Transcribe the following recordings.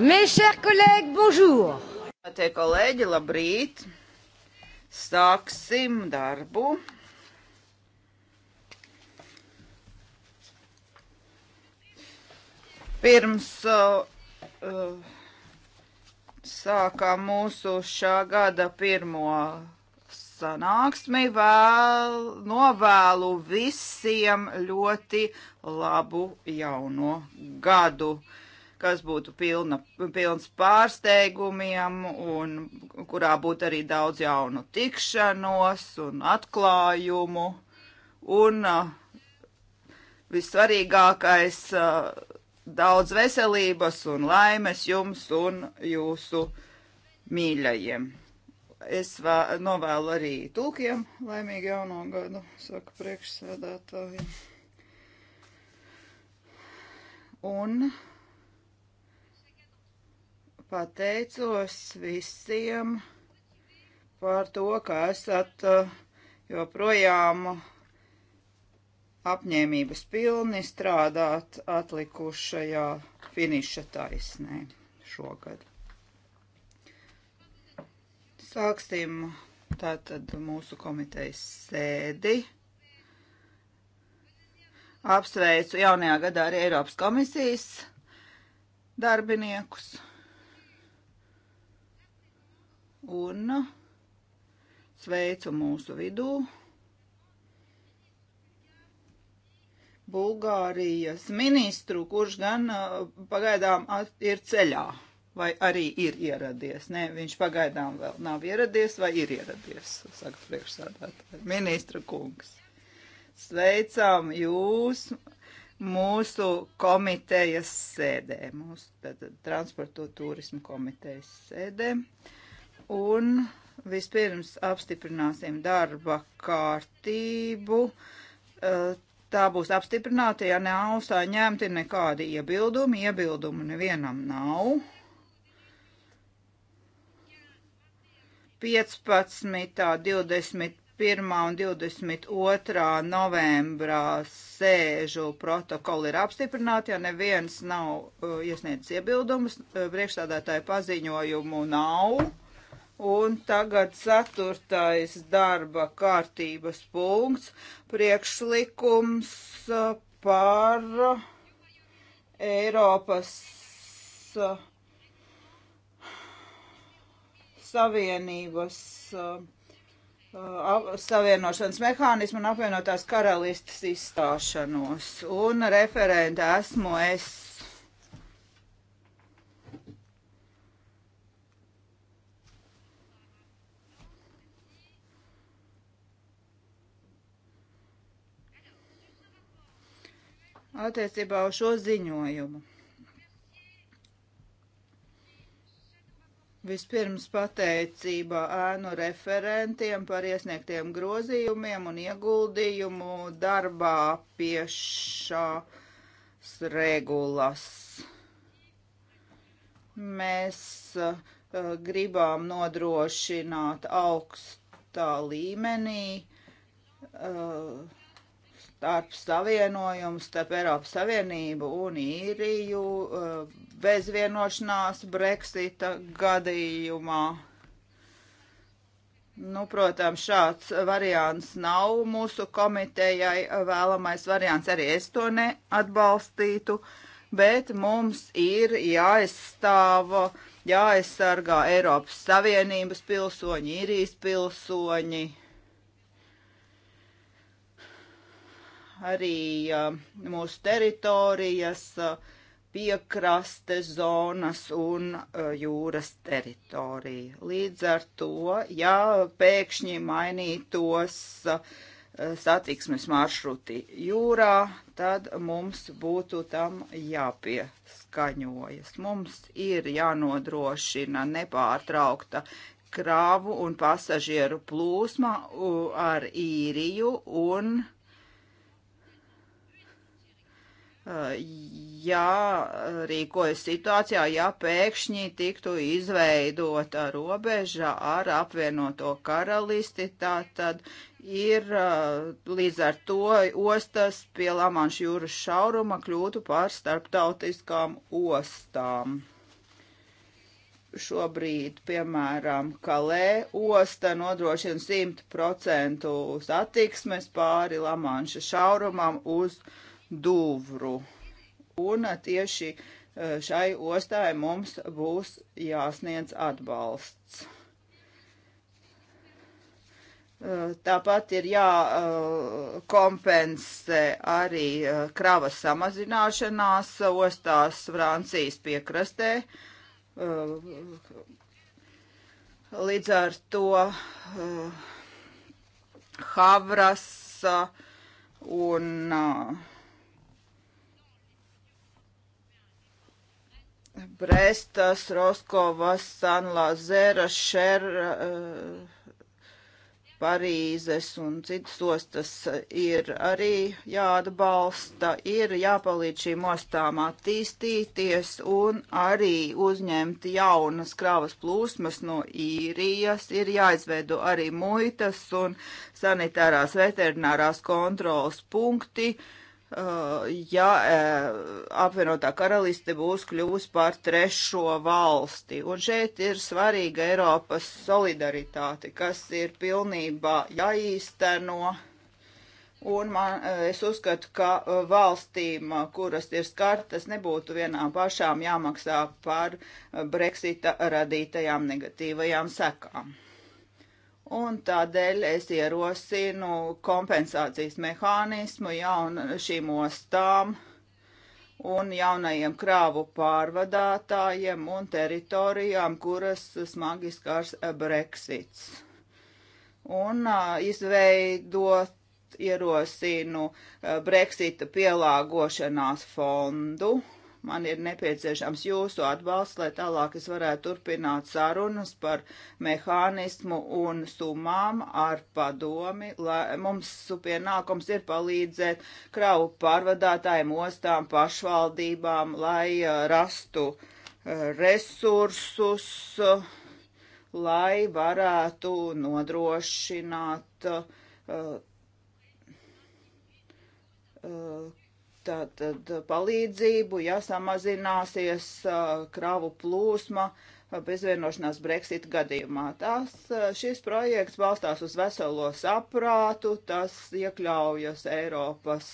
Mes chers collègues, bonjour! Tie kolēģi, labrīt! Sāksim darbu. Pirms uh, uh, sākām mūsu šā gada pirmo sanāksmi, vēl novēlu visiem ļoti labu jauno gadu. Uh, kas būtu pilna, pilns pārsteigumiem un kurā būtu arī daudz jaunu tikšanos un atklājumu. Un uh, vissvarīgākais uh, daudz veselības un laimes jums un jūsu mīļajiem. Es novēlu arī tulkiem laimīgu jauno gadu, saka priekšsēdētāji. Un pateicos visiem par to, ka esat eh, joprojām apņēmības pilni strādāt atlikušajā finiša taisnē šogad. Sāksim tātad mūsu komitejas sēdi. Apsveicu jaunajā gadā arī Eiropas komisijas darbiniekus un sveicu mūsu vidū Bulgārijas ministru, kurš gan uh, pagaidām ir ceļā vai arī ir ieradies. Nē, viņš pagaidām vēl nav ieradies vai ir ieradies, saka priekšsādātāji. Ministra kungs, sveicām jūs mūsu komitejas sēdē, mūsu tad, transporto turismu komitejas sēdē. Uh, un vispirms apstiprināsim darba kārtību. Eh, tā būs apstiprināta, ja nav saņemti nekādi iebildumi. Iebildumu nevienam nav. 15., 21. un 22. novembrā sēžu protokoli ir apstiprināti, ja neviens nav eh, iesniedzis iebildumus, eh, priekšstādātāju paziņojumu nav. Un tagad ceturtais darba kārtības punkts - priekšlikums uh, par uh, Eiropas uh, Savienības savienošanas mehānismu un apvienotās karalistas izstāšanos. Un referenta esmu es attiecībā uz šo ziņojumu. Vispirms pateicība ēnu referentiem par iesniegtiem grozījumiem un ieguldījumu darbā pie šās regulas. Mēs uh, gribām nodrošināt augstā līmenī uh, starp savienojumu starp Eiropas Savienību un īriju eh, bez vienošanās Brexita gadījumā. Nu, protams, šāds variants nav mūsu komitejai vēlamais variants. Arī es to neatbalstītu, bet mums ir jāizstāv, jāaizsargā Eiropas Savienības pilsoņi, īrijas pilsoņi. pilsoņi arī mūsu teritorijas, piekrastes zonas un jūras teritorija. Līdz ar to, ja pēkšņi mainītos satiksmes maršruti jūrā, tad mums būtu tam jāpieskaņojas. Mums ir jānodrošina nepārtraukta krāvu un pasažieru plūsma ar īriju un uh, jārīkojas situācijā, ja pēkšņi tiktu izveidota robeža ar apvienoto karalisti, tā tad ir līdz ar to ostas pie Lamanšu jūras šauruma kļūtu par starptautiskām ostām. Šobrīd, piemēram, Kalē osta nodrošina 100% satiksmes pāri Lamanša šaurumam uz uh, Dūvru. Un uh, tieši uh, šai ostai mums būs jāsniedz atbalsts. Uh, tāpat ir jākompensē arī kravas samazināšanās ostās Francijas piekrastē. Līdz ar to Havras un uh, Brestas, Roskovas, Sanlazera, Šer, eh, Parīzes un citas ostas ir arī jāatbalsta, ir jāpalīdz šīm ostām attīstīties un arī uzņemt jaunas kravas plūsmas no īrijas, ir jāizveido arī muitas un sanitārās veterinārās kontrolas punkti, uh, Uh, ja uh, apvienotā karaliste būs kļuvusi par trešo valsti. Un šeit ir svarīga Eiropas solidaritāte, kas ir pilnībā jāīsteno. Un man, uh, es uzskatu, ka valstīm, kuras ir skartas, nebūtu vienām pašām jāmaksā par Brexita radītajām negatīvajām sekām. Un tādēļ es ierosinu kompensācijas mehānismu jaun, šīm ostām un jaunajiem krāvu pārvadātājiem un teritorijām, kuras smagi skars Brexits. Un uh, izveidot ierosinu Brexita pielāgošanās fondu Man ir nepieciešams jūsu atbalsts, lai tālāk es varētu turpināt sarunas par mehānismu un summām ar padomi, lai mums pienākums ir palīdzēt kravu pārvadātājiem, ostām, pašvaldībām, lai uh, rastu uh, resursus, uh, lai varētu nodrošināt uh, uh, tātad palīdzību, ja samazināsies kravu plūsma bezvienošanās Brexit gadījumā. Tas, šis projekts balstās uz veselo saprātu, tas iekļaujas Eiropas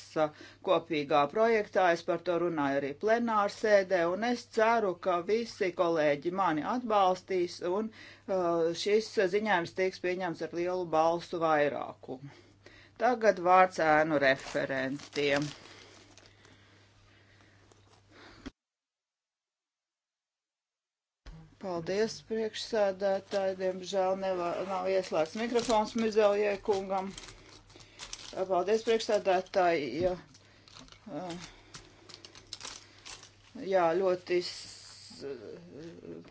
kopīgā projektā, es par to runāju arī plenārsēdē, un es ceru, ka visi kolēģi mani atbalstīs, un šis ziņājums tiks pieņemts ar lielu balsu vairākumu. Tagad vārds ēnu referentiem. Paldies, priekšsēdētāji. Diemžēl nevā, nav ieslēgts mikrofons Mizelijai kungam. Paldies, priekšsēdētāji. Ja, eh, jā, ļoti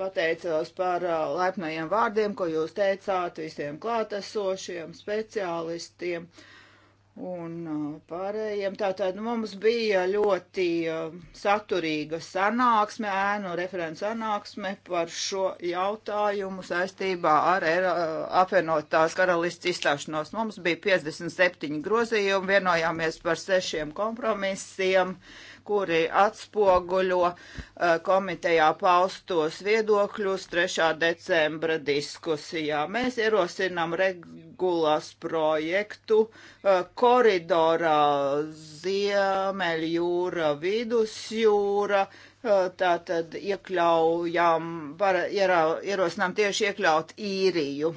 pateicos par eh, laipnajiem vārdiem, ko jūs teicāt visiem klātesošiem, speciālistiem. Uh, un uh, pārējiem. Tātad nu, mums bija ļoti uh, saturīga sanāksme, ēnu referents sanāksme par šo jautājumu saistībā ar uh, apvienotās karalists izstāšanos. Mums bija 57 grozījumi, vienojāmies par sešiem kompromisiem. Uh, kuri atspoguļo uh, komitejā paustos viedokļus 3. decembra diskusijā. Mēs ierosinām regulas projektu uh, koridorā Ziemeļjūra, Vidusjūra, eh, tā tad iekļaujam, var, ierosinām tieši iekļaut īriju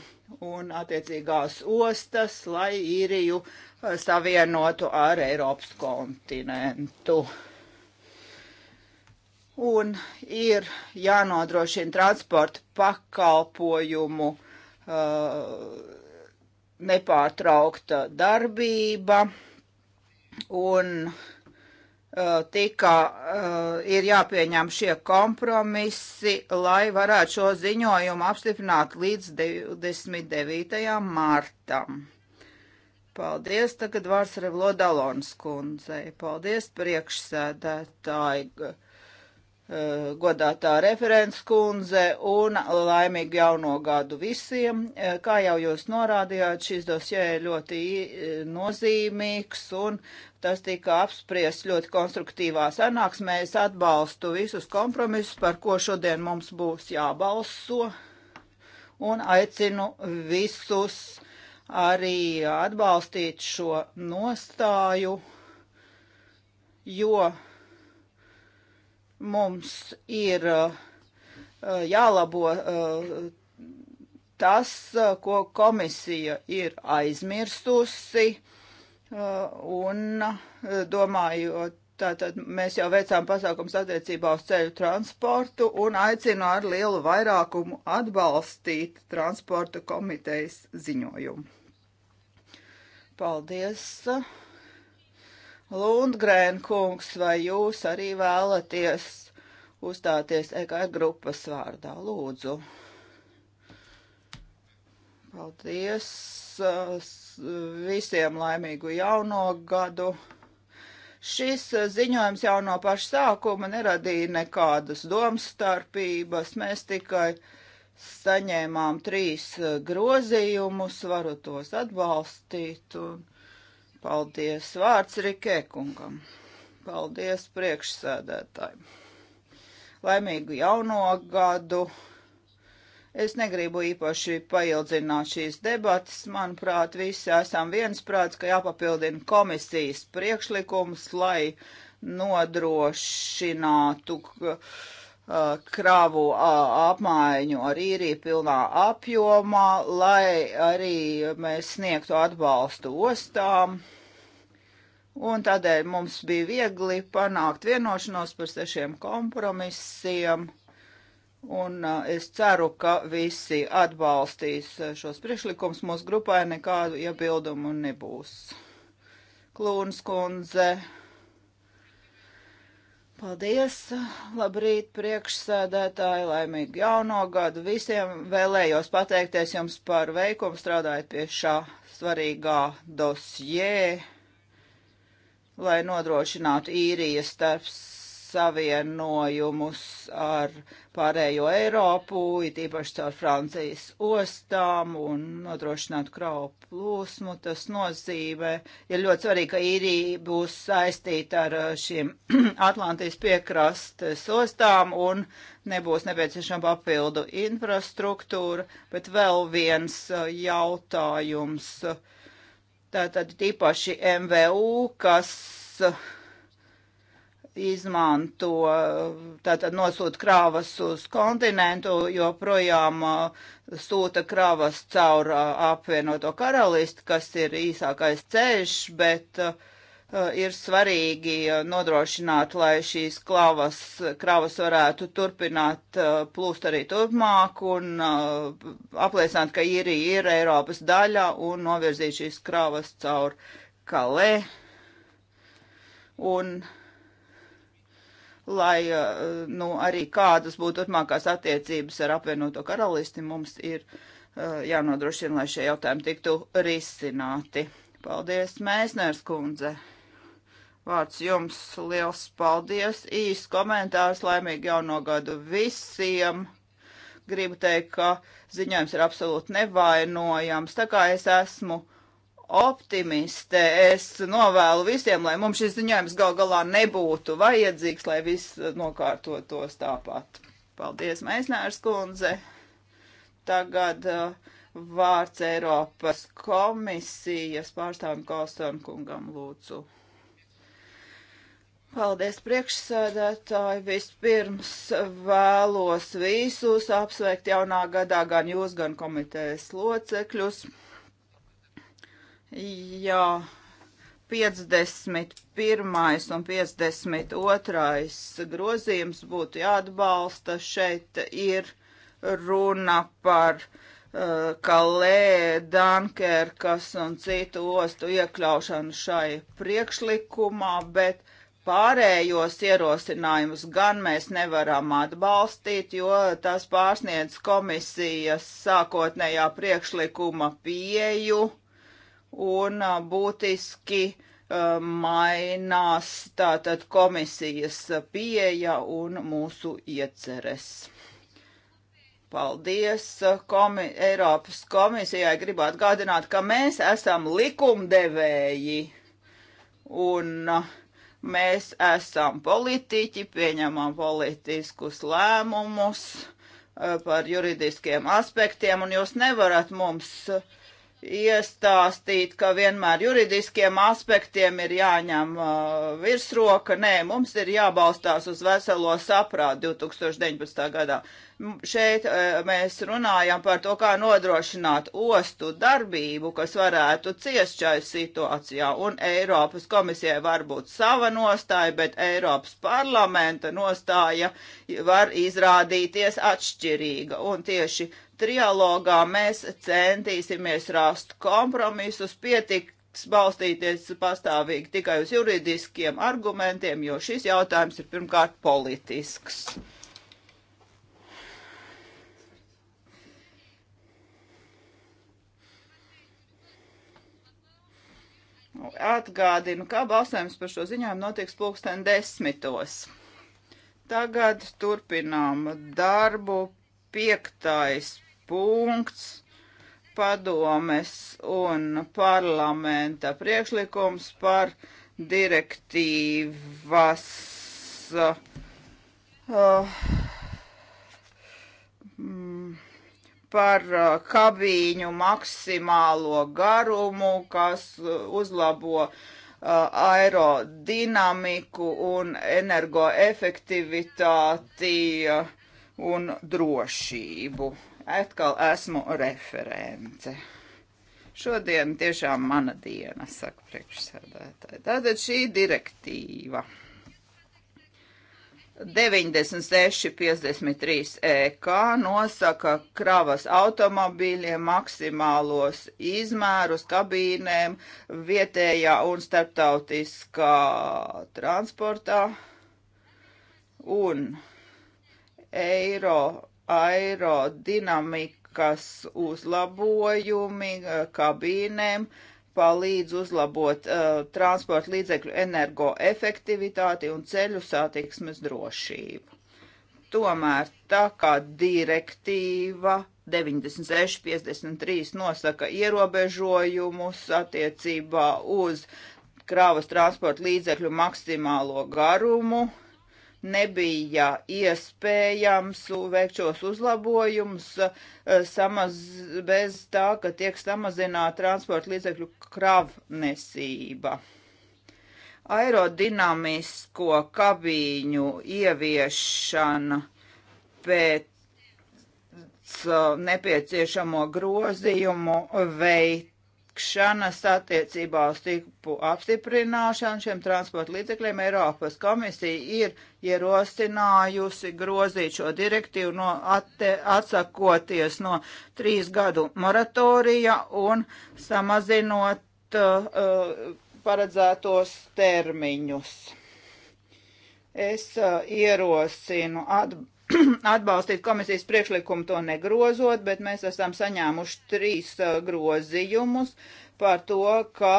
un attiecīgās ostas, lai īriju savienotu ar Eiropas kontinentu un ir jānodrošina transporta pakalpojumu uh, nepārtraukta darbība un uh, tika uh, ir jāpieņem šie kompromisi, lai varētu šo ziņojumu apstiprināt līdz 29. martam. Paldies, tagad vārds Revlodalons kundzei. Paldies, priekšsēdētāji. Eh, godātā referents kundze un laimīgu jauno gadu visiem. Eh, kā jau jūs norādījāt, šis dosie ļoti eh, nozīmīgs un tas tika apspriests ļoti konstruktīvā sanāksmē. Es atbalstu visus kompromisus, par ko šodien mums būs jābalso un aicinu visus arī atbalstīt šo nostāju, jo Mums ir uh, jālabo uh, tas, uh, ko komisija ir aizmirstusi, un domājot Tātad mēs jau veicām pasākums attiecībā uz ceļu transportu un aicinu ar lielu vairākumu atbalstīt transporta komitejas ziņojumu. Paldies! Lundgrēn kungs, vai jūs arī vēlaties uzstāties EKR grupas vārdā? Lūdzu. Paldies uh, visiem laimīgu jauno gadu. Šis uh, ziņojums jau no paša sākuma neradīja nekādas domstarpības. Mēs tikai saņēmām trīs uh, grozījumus, varu tos atbalstīt. Un Paldies. Vārds Rikē kungam. Paldies priekšsēdētāji. Laimīgu jauno gadu. Es negribu īpaši paildzināt šīs debatas. Manuprāt, visi esam viensprāts, ka jāpapildina komisijas priekšlikums, lai nodrošinātu, ka Uh, kravu uh, apmaiņu ar īriju pilnā apjomā, lai arī mēs sniegtu atbalstu ostām. Un tādēļ mums bija viegli panākt vienošanos par sešiem kompromisiem. Un uh, es ceru, ka visi atbalstīs šos priekšlikumus. Mūsu grupai nekādu iebildumu nebūs. Klūns kundze Paldies! Labrīt, priekšsēdētāji! Laimīgu jauno gadu visiem! Vēlējos pateikties jums par veikumu strādājot pie šā svarīgā dosjē, lai nodrošinātu īrijas starps savienojumus ar pārējo Eiropu, it īpaši caur Francijas ostām un nodrošinātu kravu plūsmu. Tas nozīmē, ir ļoti svarīgi, ka īrija būs saistīta ar uh, šiem Atlantijas piekrastes ostām un nebūs nepieciešama papildu infrastruktūra, bet vēl viens uh, jautājums. Tātad īpaši MVU, kas uh, izmanto, tātad nosūta krāvas uz kontinentu, joprojām uh, sūta krāvas caur uh, apvienoto karalisti, kas ir īsākais ceļš, bet uh, ir svarīgi nodrošināt, lai šīs klavas, kravas varētu turpināt plūst arī turpmāk un apliecināt, ka īrija ir Eiropas daļa un novirzīt šīs kravas caur kalē. Un uh, lai eh, nu, arī kādas būtu turpmākās attiecības ar apvienoto karalisti, mums ir eh, jānodrošina, lai šie jautājumi tiktu risināti. Paldies, Mēsners kundze! Vārds jums liels paldies! Īs komentārs laimīgi jauno gadu visiem! Gribu teikt, ka ziņojums ir absolūti nevainojams, tā kā es esmu optimiste. Es novēlu visiem, lai mums šis ziņojums gal galā nebūtu vajadzīgs, lai viss nokārtotos tāpat. Paldies, Meisnērs kundze. Tagad uh, vārds Eiropas komisijas pārstāvim Kalstonu kungam lūdzu. Paldies priekšsēdētāji. Vispirms vēlos visus apsveikt jaunā gadā gan jūs, gan komitejas locekļus. Jā, 51. un 52. grozījums būtu jāatbalsta. Šeit ir runa par uh, Kalē, Dankerkas un citu ostu iekļaušanu šai priekšlikumā, bet pārējos ierosinājumus gan mēs nevaram atbalstīt, jo tas pārsniedz komisijas sākotnējā priekšlikuma pieju. Uh, un būtiski mainās tātad komisijas pieeja un mūsu ieceres. Paldies komi Eiropas komisijai. Gribu atgādināt, ka mēs esam likumdevēji un mēs esam politiķi, pieņemam politiskus lēmumus par juridiskiem aspektiem, un jūs nevarat mums uh, iestāstīt, ka vienmēr juridiskiem aspektiem ir jāņem uh, virsroka. Nē, mums ir jābalstās uz veselo saprātu 2019. gadā. Šeit e, mēs runājam par to, kā nodrošināt ostu darbību, kas varētu ciest šai situācijā, un Eiropas komisijai var būt sava nostāja, bet Eiropas parlamenta nostāja var izrādīties atšķirīga, un tieši trialogā mēs centīsimies rast kompromisus pietik balstīties pastāvīgi tikai uz juridiskiem argumentiem, jo šis jautājums ir pirmkārt politisks. Atgādinu, ka balsojums par šo ziņojumu notiks pulksten desmitos. Tagad turpinām darbu. Piektais punkts padomes un parlamenta priekšlikums par direktīvas uh, par uh, kabīņu maksimālo garumu, kas uh, uzlabo uh, aerodinamiku un energoefektivitāti un drošību. Atkal esmu referente. Šodien tiešām mana diena, saka priekšsēdētāji. Tātad šī direktīva. 96,53 EK nosaka kravas automobīļiem maksimālos izmērus kabīnēm vietējā un starptautiskā transportā un eiro aerodinamikas uzlabojumi eh, kabīnēm uh, palīdz uzlabot uh, transporta līdzekļu energoefektivitāti un ceļu satiksmes drošību. Tomēr tā kā direktīva 9653 nosaka ierobežojumus attiecībā uz krāvas transporta līdzekļu maksimālo garumu, nebija iespējams veikt šos uzlabojumus eh, samaz, bez tā, ka tiek samazināta transporta līdzekļu kravnesība. Aerodinamisko kabīņu ieviešana pēc eh, nepieciešamo grozījumu veikt veikšanas attiecībā uz tipu apstiprināšanu šiem transporta līdzekļiem Eiropas komisija ir ierosinājusi grozīt šo direktīvu, no atte, atsakoties no trīs gadu moratorija un samazinot uh, paredzētos termiņus. Es uh, ierosinu atbalstu atbalstīt komisijas priekšlikumu to negrozot, bet mēs esam saņēmuši trīs uh, grozījumus par to, ka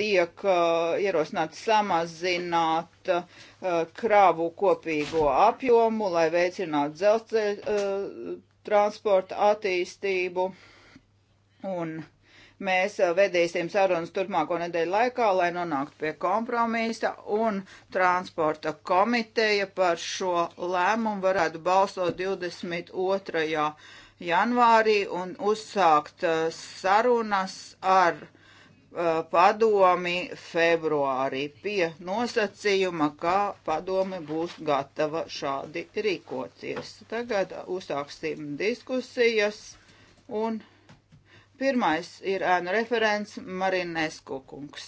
tiek uh, ierosināts samazināt uh, kravu kopīgo apjomu, lai veicinātu dzelzceļa uh, transporta attīstību. Un uh, Mēs eh, vedīsim sarunas turpmāko nedēļu laikā, lai nonāktu pie kompromisa, un transporta komiteja par šo lēmumu varētu balsot 22. janvārī un uzsākt eh, sarunas ar eh, padomi februārī pie nosacījuma, ka padomi būs gatava šādi rīkoties. Tagad uzsāksim diskusijas un Pirmais ir ēnu referents Marinesku kungs.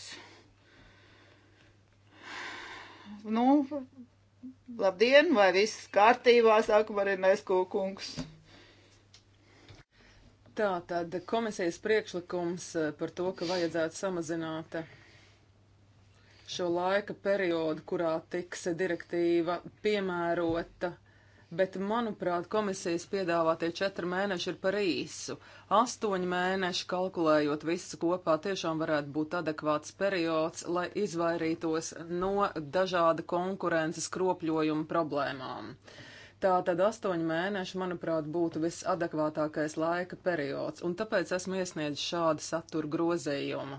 Nu, labdien, vai viss kārtībā, saka Marinesku kungs. Tā tad komisijas priekšlikums eh, par to, ka vajadzētu samazināt eh, šo laika periodu, kurā tiks direktīva piemērota bet, manuprāt, komisijas piedāvātie četri mēneši ir par īsu. Astoņi mēneši, kalkulējot visu kopā, tiešām varētu būt adekvāts periods, lai izvairītos no dažāda konkurences kropļojuma problēmām. Tātad astoņi mēneši, manuprāt, būtu visadekvātākais laika periods, un tāpēc esmu iesniedzis šādu satura grozījumu.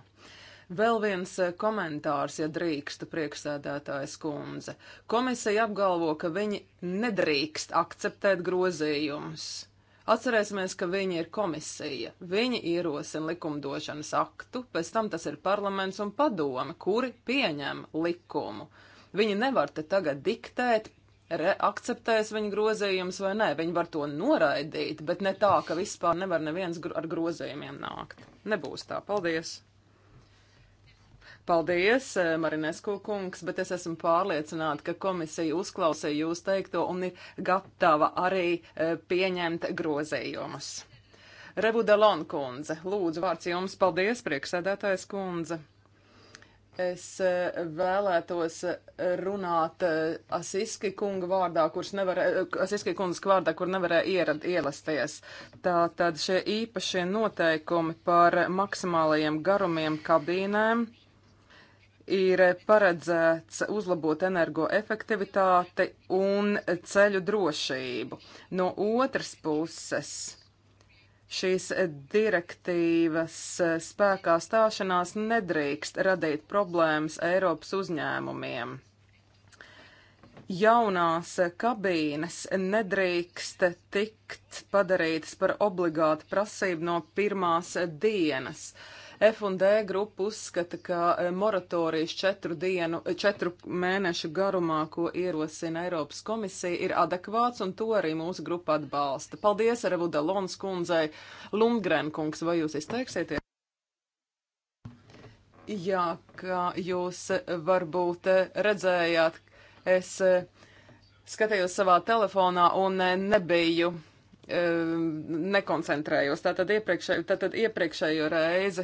Vēl viens eh, komentārs, ja drīksta priekšsēdētājs kundze. Komisija apgalvo, ka viņi nedrīkst akceptēt grozījumus. Atcerēsimies, ka viņi ir komisija. Viņi ierosina likumdošanas aktu, pēc tam tas ir parlaments un padome, kuri pieņem likumu. Viņi nevar te tagad diktēt, re, akceptēs viņa grozījums vai nē. Viņi var to noraidīt, bet ne tā, ka vispār nevar neviens gro ar grozījumiem nākt. Nebūs tā. Paldies! Paldies, eh, Marinesko kungs, bet es esmu pārliecināta, ka komisija uzklausīja jūs teikto un ir gatava arī eh, pieņemt grozējumus. Rebudalon kundze, lūdzu vārds jums, paldies, priekšsēdētājs kundze. Es eh, vēlētos runāt Asiski kunga vārdā, kurš nevarēja, Asiski kundas vārdā, kur nevarēja ierad, ielasties. Tā tad šie īpašie noteikumi par maksimālajiem garumiem kabīnēm ir paredzēts uzlabot energoefektivitāti un ceļu drošību. No otras puses, šīs direktīvas spēkā stāšanās nedrīkst radīt problēmas Eiropas uzņēmumiem. Jaunās kabīnes nedrīkst tikt padarītas par obligātu prasību no pirmās dienas. Uh, F&D grupa uzskata, ka e, moratorijas četru, dienu, e, četru mēnešu garumā, ko ierosina Eiropas komisija, ir adekvāts, un to arī mūsu grupa atbalsta. Paldies arī Vudalons kundzei. Lundgren kungs, vai jūs izteiksieties? Jā, kā jūs e, varbūt redzējāt, es skatījos savā telefonā un nebiju nekoncentrējos. Tātad, iepriekšē, tātad iepriekšējo reizi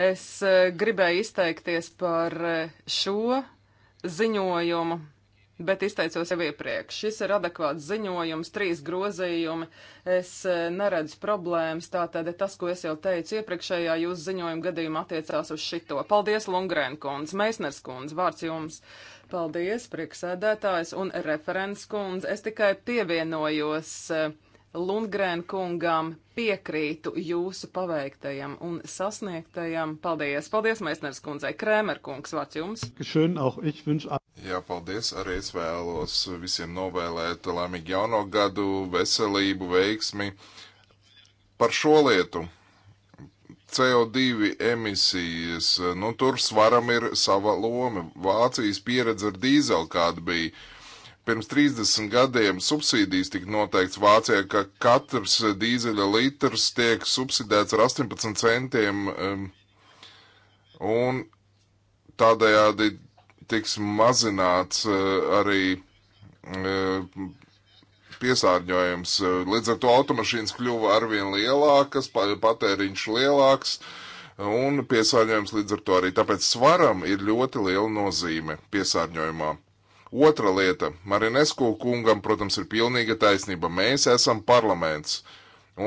Es e, gribēju izteikties par e, šo ziņojumu, bet izteicos jau iepriekš. Šis ir adekvāts ziņojums, trīs grozījumi. Es e, neredzu problēmas. Tātad tas, ko es jau teicu iepriekšējā jūsu ziņojuma gadījumā, attiecās uz šito. Paldies, Lungrēn kundze, Meisners kundze, vārds jums. Paldies, prieksēdētājs un referents kundze. Es tikai pievienojos. Uh, Lundgrēn kungam piekrītu jūsu paveiktajam un sasniegtajam. Paldies! Paldies, Meisners kundzei! Krēmer kungs, vārds jums! Jā, paldies! Arī es vēlos visiem novēlēt laimīgu jauno gadu, veselību, veiksmi par šo lietu. CO2 emisijas, nu tur svaram ir sava loma. Vācijas pieredze ar dīzeli kāda bija Pirms 30 gadiem subsīdijas tika noteikts Vācijā, ka katrs dīzeļa litrs tiek subsidēts ar 18 centiem um, un tādējādi tiks mazināts uh, arī uh, piesārņojums. Līdz ar to automašīnas kļuva arvien lielākas, patēriņš lielāks un piesārņojums līdz ar to arī. Tāpēc svaram ir ļoti liela nozīme piesārņojumā. Otra lieta - Marinesku kungam, protams, ir pilnīga taisnība. Mēs esam parlaments.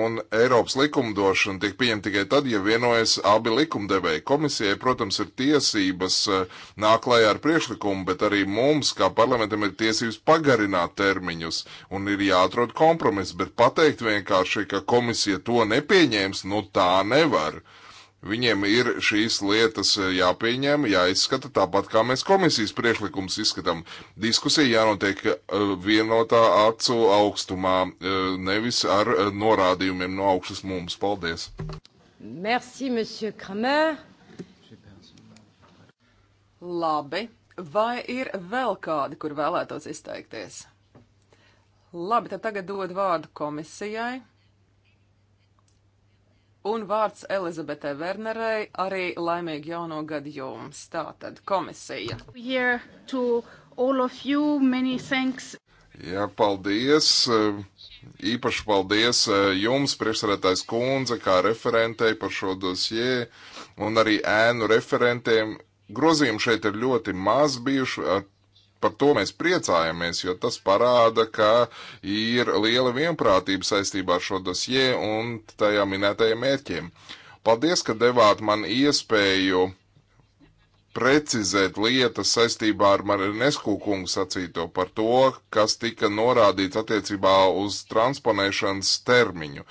Un Eiropas likumdošana tiek pieņemta tikai tad, ja vienojas abi likumdevēji. Komisijai, protams, ir tiesības eh, nāk klajā ar priekšlikumu, bet arī mums, kā parlamentam, ir tiesības pagarināt termiņus un ir jāatrod kompromiss. Bet pateikt vienkārši, ka komisija to nepieņēms, nu tā nevar. Uh, Viņiem ir šīs lietas eh, jāpieņem, jāizskata tāpat, kā mēs komisijas priekšlikumus izskatām. Diskusija jānotiek eh, vienotā acu augstumā, eh, nevis ar norādījumiem no augšas mums. Paldies! Merci, monsieur Kramer! Labi, vai ir vēl kādi, kur vēlētos izteikties? Labi, tad tagad dod vārdu komisijai. Un vārds Elizabetē Wernerei arī laimīgi jauno gadu jums. Tātad komisija. You, Jā, paldies. Īpaši paldies e, jums, priekšsarētājs kundze, kā referentei par šo dosie un arī ēnu referentiem. Grozījumi šeit ir ļoti maz bijuši, ar Par to mēs priecājamies, jo tas parāda, ka ir liela vienprātība saistībā ar šo dosie un tajā minētajiem mērķiem. Paldies, ka devāt man iespēju precizēt lietas saistībā ar Marinesku kungu sacīto par to, kas tika norādīts attiecībā uz transponēšanas termiņu.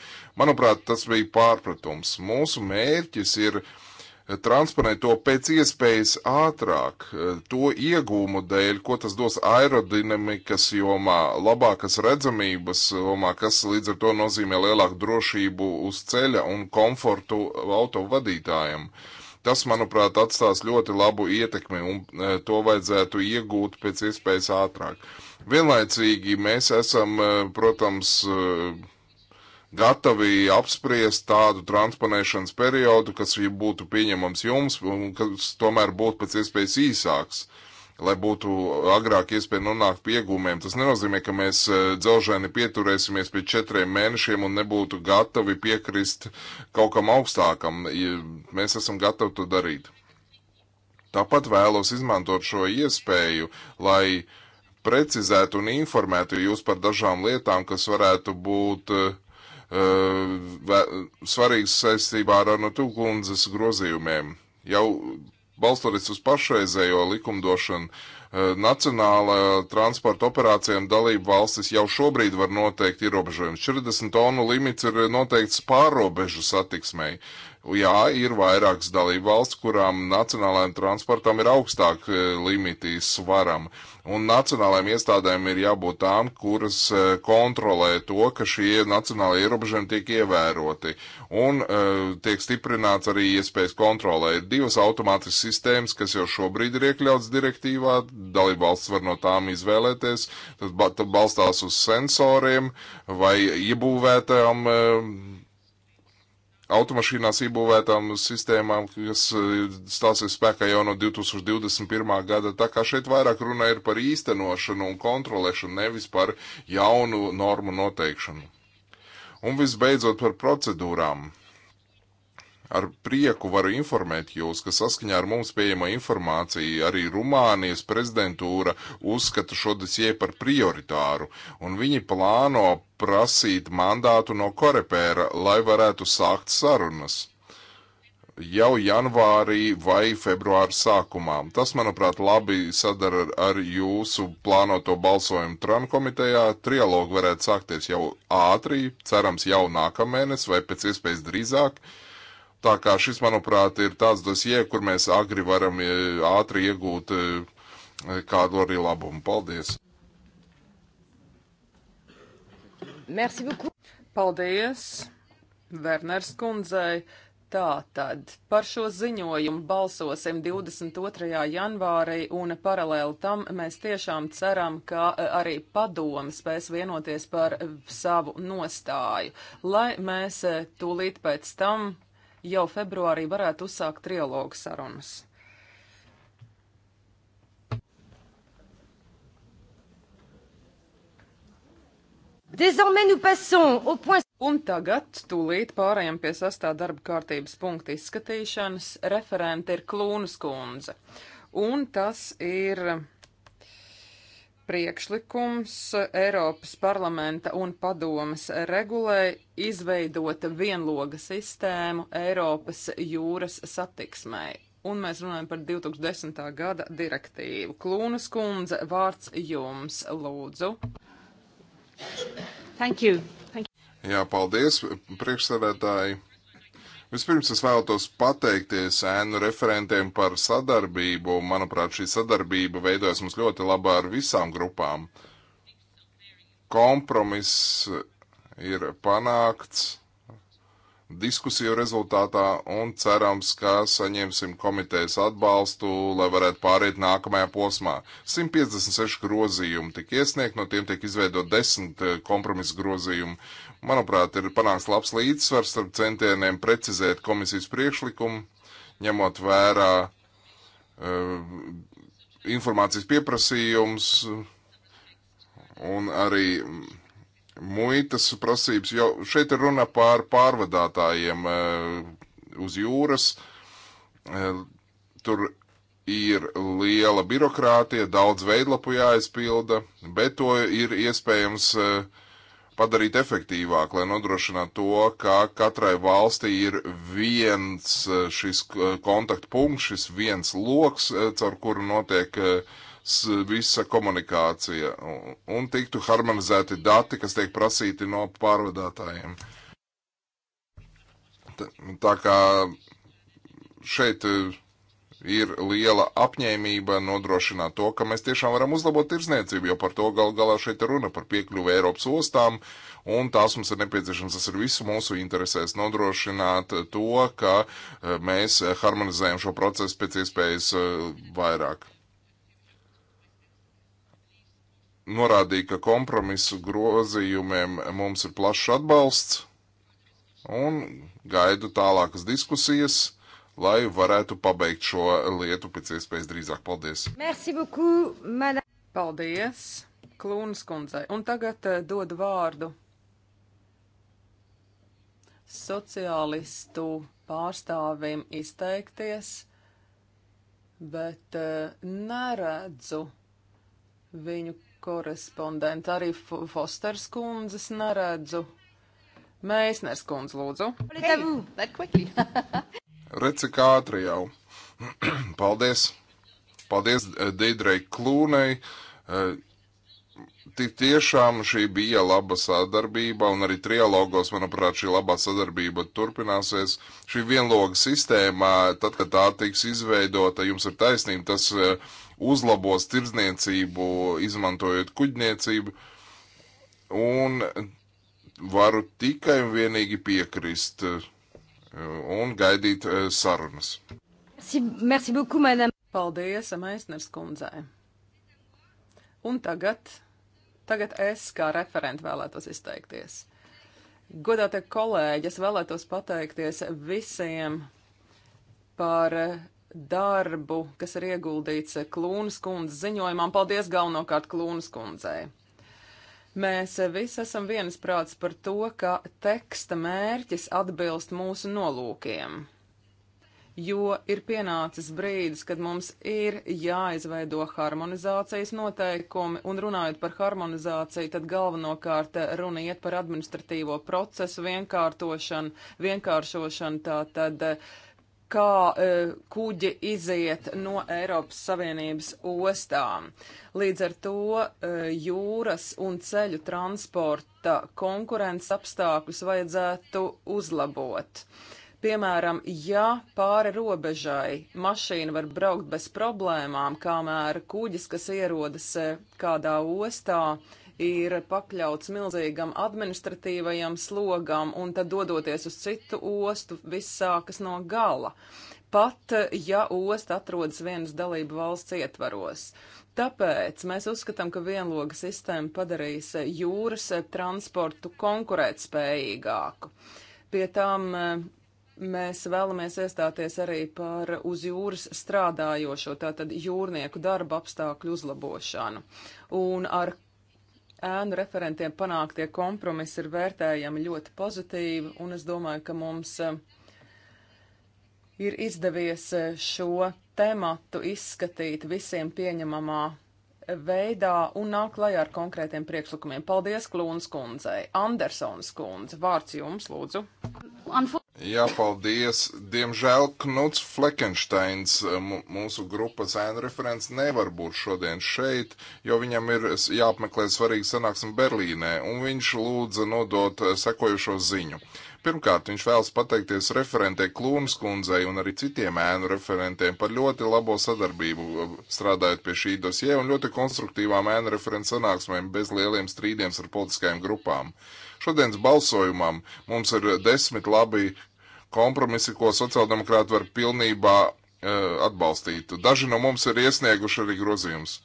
Manuprāt, tas bija pārpratums. Mūsu mērķis ir uh, transponēt to pēc iespējas ātrāk, eh, to iegūmu dēļ, ko tas dos aerodinamikas jomā, labākas redzamības jomā, kas līdz ar to nozīmē lielāku drošību uz ceļa un komfortu autovadītājiem. Tas, manuprāt, atstās ļoti labu ietekmi un eh, to vajadzētu iegūt pēc iespējas ātrāk. Vienlaicīgi mēs esam, eh, protams, gatavi apspriest tādu transponēšanas periodu, kas būtu pieņemams jums un kas tomēr būtu pēc iespējas īsāks, lai būtu agrāk iespēja nonākt pie iegūmiem. Tas nenozīmē, ka mēs e, dzelžēni pieturēsimies pie četriem mēnešiem un nebūtu gatavi piekrist kaut kam augstākam. Mēs esam gatavi to darīt. Tāpat vēlos izmantot šo iespēju, lai precizētu un informētu jūs par dažām lietām, kas varētu būt uh, svarīgs saistībā ar Arnotu kundzes grozījumiem. Jau balstoties uz pašreizējo likumdošanu, eh, nacionāla transporta operācijām dalību valstis jau šobrīd var noteikt ierobežojumus. 40 tonu limits ir noteikts pārobežu satiksmei. Jā, ir vairākas dalību valsts, kurām nacionālajiem transportam ir augstāk eh, limitī svaram. Un nacionālajiem iestādēm ir jābūt tām, kuras eh, kontrolē to, ka šie nacionālai ierobežojumi tiek ievēroti. Un uh, tiek stiprināts arī iespējas kontrolē. Ir divas automātiskas sistēmas, kas jau šobrīd ir iekļauts direktīvā. Dalību valsts var no tām izvēlēties. Tas balstās uz sensoriem vai iebūvētām. Uh, automašīnās iebūvētām sistēmām, kas eh, stāsies spēkā jau no 2021. gada. Tā kā šeit vairāk runa ir par īstenošanu un kontrolēšanu, nevis par jaunu normu noteikšanu. Un visbeidzot par procedūrām. Ar prieku varu informēt jūs, ka saskaņā ar mums pieejamo informāciju arī Rumānijas prezidentūra uzskata šo dosie par prioritāru, un viņi plāno prasīt mandātu no Korepēra, lai varētu sākt sarunas jau janvārī vai februāra sākumā. Tas, manuprāt, labi sadara ar jūsu plānoto balsojumu TRAN komitejā. Trialogu varētu sākties jau ātri, cerams, jau nākamēnes vai pēc iespējas drīzāk. Uh, Tā kā šis, manuprāt, ir tāds dosie, kur mēs agri varam e, ātri iegūt e, kādu arī labumu. Paldies! Merci beaucoup! Paldies, Werners kundzei! Tā tad par šo ziņojumu balsosim 22. janvārī, un paralēli tam mēs tiešām ceram, ka e, arī padomi spēs vienoties par savu nostāju, lai mēs tūlīt pēc tam jau februārī varētu uzsākt trialogu sarunas. Un tagad tūlīt pārējām pie sastā darba kārtības punkta izskatīšanas. Referente ir Klūnas kundze. Un tas ir priekšlikums Eiropas parlamenta un padomas regulē izveidota vienloga sistēmu Eiropas jūras satiksmai. Un mēs runājam par 2010. gada direktīvu. Klūnas kundze, vārds jums, lūdzu. Thank you. Thank you. Jā, paldies, priekšsēdētāji. Vispirms es vēlētos pateikties ēnu referentiem par sadarbību. Manuprāt, šī sadarbība veidojas mums ļoti labā ar visām grupām. Kompromiss ir panākts diskusiju rezultātā un cerams, ka saņemsim komitejas atbalstu, lai varētu pāriet nākamajā posmā. 156 grozījumi tika iesniegt, no tiem tiek izveidot 10 eh, kompromisu grozījumi Manuprāt, ir panāks labs līdzsvars starp centieniem precizēt komisijas priekšlikumu, ņemot vērā uh, informācijas pieprasījums un arī muitas prasības, jo šeit ir runa par pārvadātājiem eh, uz jūras. Eh, tur ir liela birokrātija, daudz veidlapu jāizpilda, bet to ir iespējams uh, padarīt efektīvāk, lai nodrošinātu to, ka katrai valstī ir viens eh, šis eh, kontaktpunkts, šis viens loks, eh, caur kuru notiek visa komunikācija un tiktu harmonizēti dati, kas tiek prasīti no pārvadātājiem. Tā kā šeit ir liela apņēmība nodrošināt to, ka mēs tiešām varam uzlabot tirsniecību, jo par to gal galā šeit ir runa par piekļuvi Eiropas ostām, un tās mums ir nepieciešams, tas ir visu mūsu interesēs nodrošināt to, ka eh, mēs harmonizējam šo procesu pēc iespējas eh, vairāk. Norādīja, ka kompromisu grozījumiem mums ir plašs atbalsts, un gaidu tālākas diskusijas lai varētu pabeigt šo lietu pēc iespējas drīzāk. Paldies! Merci beaucoup, madame! Paldies, Klūnas kundzei! Un tagad eh, dodu vārdu sociālistu pārstāvim izteikties, bet eh, neredzu viņu korespondentu, arī Fosters kundzes neredzu. Mēsners kundze, lūdzu. Hey, Reci kā ātri jau. Paldies! Paldies eh, Deidrei Klūnei! Eh, tik tiešām šī bija laba sadarbība, un arī trialogos, manuprāt, šī labā sadarbība turpināsies. Šī vienloga sistēma, tad, kad tā tiks izveidota, jums ir taisnība, tas eh, uzlabos tirdzniecību, izmantojot kuģniecību. Un varu tikai un vienīgi piekrist Eh, un gaidīt eh, sarunas. Merci beaucoup, madame. Paldies, Maisners kundzei. Un tagad, tagad es kā referenti vēlētos izteikties. Godātie kolēģi, es vēlētos pateikties visiem par darbu, kas ir ieguldīts Klūnas kundzes ziņojumam. Paldies galvenokārt Klūnas kundzei. Mēs visi esam viensprāts par to, ka teksta mērķis atbilst mūsu nolūkiem, jo ir pienācis brīdis, kad mums ir jāizveido harmonizācijas noteikumi, un runājot par harmonizāciju, tad galvenokārt runa iet par administratīvo procesu vienkāršošanu, vienkāršošanu tātad. tad kā e, kuģi iziet no Eiropas Savienības ostām. Līdz ar to e, jūras un ceļu transporta konkurences apstākļus vajadzētu uzlabot. Piemēram, ja pāri robežai mašīna var braukt bez problēmām, kamēr kuģis, kas ierodas e, kādā ostā, uh, ir pakļauts milzīgam administratīvajam slogam, un tad dodoties uz citu ostu, viss sākas no gala. Pat ja osta atrodas vienas dalību valsts ietvaros. Tāpēc mēs uzskatām, ka vienloga sistēma padarīs jūras transportu konkurētspējīgāku. Pie tam eh, mēs vēlamies iestāties arī par uz jūras strādājošo, tātad jūrnieku darba apstākļu uzlabošanu. Un ar ēnu referentiem panāktie kompromisi ir vērtējami ļoti pozitīvi, un es domāju, ka mums eh, ir izdevies eh, šo tematu izskatīt visiem pieņemamā veidā un nāk klajā ar konkrētiem priekšlikumiem. Paldies Klūnas kundzei. Andersons kundze, vārds jums, lūdzu. Jā, paldies. Diemžēl Knuts Fleckensteins, eh, mūsu grupas ēnu referents, nevar būt šodien šeit, jo viņam ir jāapmeklē svarīga sanāksme Berlīnē, un viņš lūdza nodot eh, sekojušo ziņu. Pirmkārt, viņš vēlas pateikties referentei Klūnas kundzei un arī citiem ēnu referentiem par ļoti labo sadarbību eh, strādājot pie šī dosie un ļoti konstruktīvām ēnu referents sanāksmēm bez lieliem strīdiem ar politiskajām grupām. Šodienas balsojumam mums ir desmit labi kompromisi, ko sociāldemokrāti var pilnībā uh, atbalstīt. Daži no mums ir iesnieguši arī grozījumus.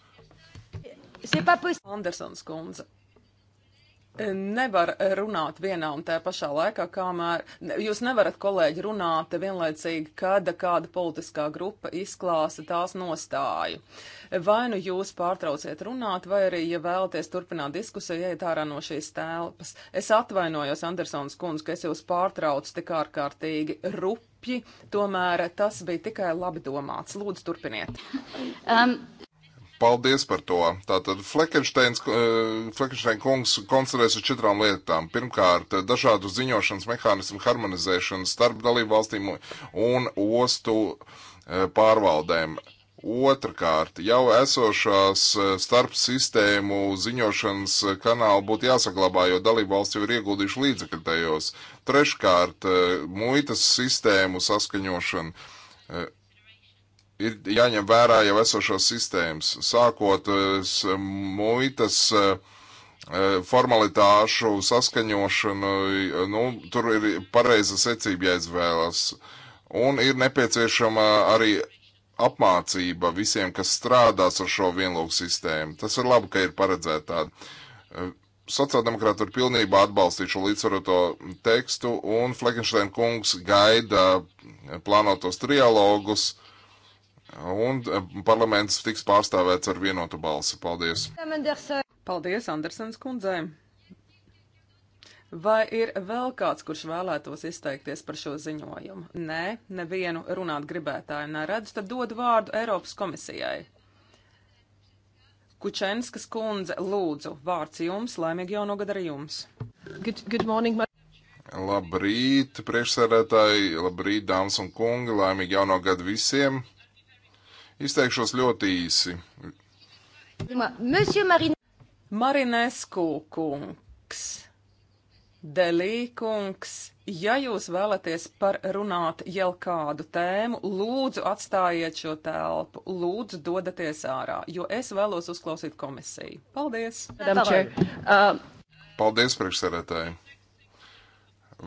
Andersons kundze nevar runāt vienā un tajā pašā laikā, kamēr jūs nevarat, kolēģi, runāt vienlaicīgi, kad kāda politiskā grupa izklāsa tās nostāju. Vai nu jūs pārtrauciet runāt, vai arī, ja vēlaties turpināt diskusiju, ejiet ārā no šīs telpas. Es atvainojos, Andersons kundz, ka es jūs pārtraucu tik ārkārtīgi rupji, tomēr tas bija tikai labi domāts. Lūdzu, turpiniet. Um. Paldies par to. Tātad Fleckensteins, eh, Fleckenstein kungs koncentrēs uz četrām lietām. Pirmkārt, dažādu ziņošanas mehānismu harmonizēšanu starp dalību valstīm un ostu eh, pārvaldēm. Otrakārt, jau esošās eh, starp sistēmu ziņošanas kanāli būtu jāsaglabā, jo dalību valsts jau ir ieguldījuši līdzekļu tajos. Treškārt, muitas sistēmu saskaņošana ir jāņem vērā jau esošās sistēmas, sākot eh, muitas eh, eh, formalitāšu saskaņošanu, nu, tur ir pareiza secība jāizvēlas. Un ir nepieciešama arī apmācība visiem, kas strādās ar šo vienlūku sistēmu. Tas ir labi, ka ir paredzēta tāda. Sociāldemokrāti ir pilnībā atbalstījuši līdzsvaroto tekstu, un Fleckensteina kungs gaida plānotos trialogus uh, un eh, parlaments tiks pārstāvēts ar vienotu balsi. Paldies! Paldies, Andersons kundzei! Vai ir vēl kāds, kurš vēlētos izteikties par šo ziņojumu? Nē, nevienu runāt gribētāju neredzu, tad dod vārdu Eiropas komisijai. Kučenskas kundze, lūdzu, vārds jums, laimīgi jauno gadu arī jums. Good, good morning, man... Labrīt, priekšsēdētāji, labrīt, dāmas un kungi, laimīgi jauno gadu visiem! Izteikšos ļoti īsi. Marinesku kungs, Delī kungs, ja jūs vēlaties parunāt jau kādu tēmu, lūdzu atstājiet šo telpu, lūdzu dodaties ārā, jo es vēlos uzklausīt komisiju. Paldies! Uh, Paldies, priekšsēdētāji!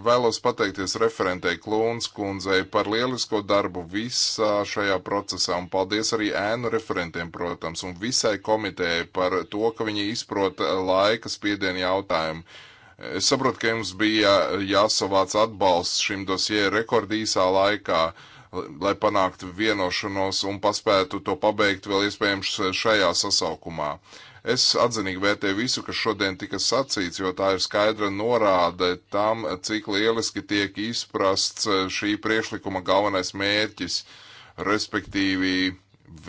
Vēlos pateikties referentei Klūns kundzei par lielisko darbu visā šajā procesā un paldies arī ēnu referentiem, protams, un visai komitejai par to, ka viņi izprota eh, laika spiedienu jautājumu. Es saprotu, ka jums bija eh, jāsavāc atbalsts šim dosijai rekordīsā laikā, lai panāktu vienošanos un paspētu to pabeigt vēl iespējams šajā sasaukumā. Uh, Es atzinīgi vērtēju visu, kas šodien tika sacīts, jo tā ir skaidra norāde tam, cik lieliski tiek izprasts eh, šī priekšlikuma galvenais mērķis, respektīvi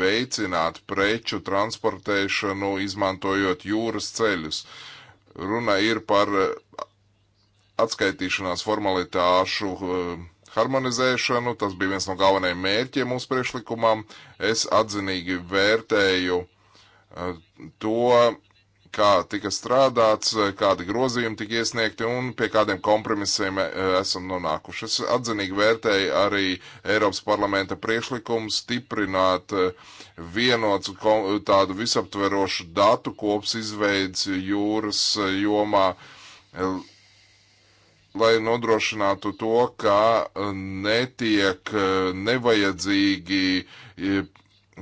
veicināt preču transportēšanu, izmantojot jūras ceļus. Runa ir par eh, atskaitīšanās formalitāšu eh, harmonizēšanu, tas bija viens no galvenajiem mērķiem mūsu priekšlikumam. Es atzinīgi vērtēju uh, to, kā tika strādāts, kādi grozījumi tika iesniegti un pie kādiem kompromisiem e, esam nonākuši. Es atzinīgi vērtēju arī Eiropas parlamenta priekšlikumu stiprināt e, vienots tādu visaptverošu datu kops izveids jūras jomā, e, lai nodrošinātu to, ka netiek nevajadzīgi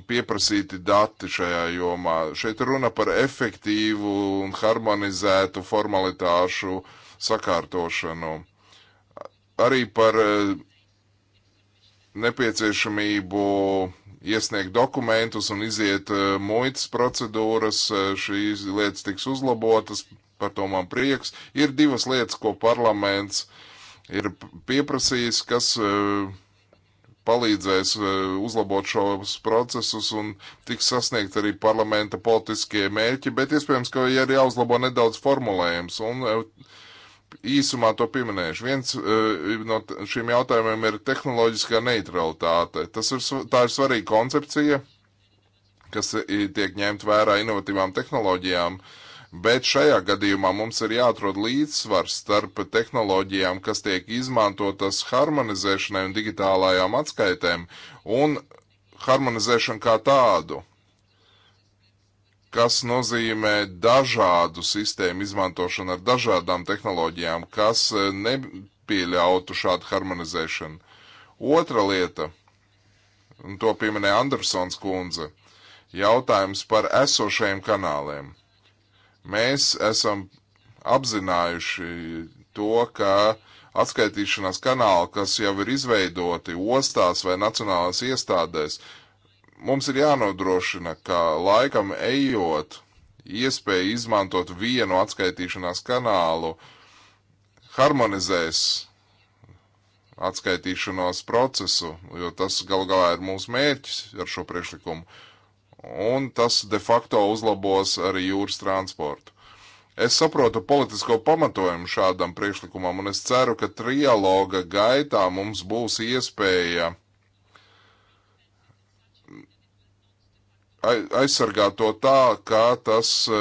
pieprasīti dati šajā jomā. Šeit runa par efektīvu un harmonizētu formalitāšu sakārtošanu. Arī par eh, nepieciešamību iesniegt dokumentus un iziet eh, muitas procedūras, eh, šīs lietas tiks uzlabotas, par to man prieks. Ir divas lietas, ko parlaments ir pieprasījis, kas uh, palīdzēs eh, uzlabot šos procesus un tiks sasniegt arī parlamenta politiskie mērķi, bet iespējams, ka ir jāuzlabo nedaudz formulējums. Un eh, īsumā to pieminēšu. Viens eh, no šiem jautājumiem ir tehnoloģiskā neutralitāte. Tas ir, tā ir svarīga koncepcija, kas tiek ņemt vērā inovatīvām tehnoloģijām. Uh, Bet šajā gadījumā mums ir jāatrod līdzsvars starp tehnoloģijām, kas tiek izmantotas harmonizēšanai un digitālajām atskaitēm, un harmonizēšanu kā tādu, kas nozīmē dažādu sistēmu izmantošanu ar dažādām tehnoloģijām, kas eh, nepieļautu šādu harmonizēšanu. Otra lieta, un to pieminēja Andersons kundze, jautājums par esošajiem kanāliem Mēs esam apzinājuši to, ka atskaitīšanās kanāli, kas jau ir izveidoti ostās vai nacionālās iestādēs, mums ir jānodrošina, ka laikam ejot iespēja izmantot vienu atskaitīšanās kanālu harmonizēs atskaitīšanos procesu, jo tas gal galā ir mūsu mērķis ar šo priekšlikumu un tas de facto uzlabos arī jūras transportu. Es saprotu politisko pamatojumu šādam priekšlikumam, un es ceru, ka trialoga gaitā mums būs iespēja aizsargāt to tā, ka tas e,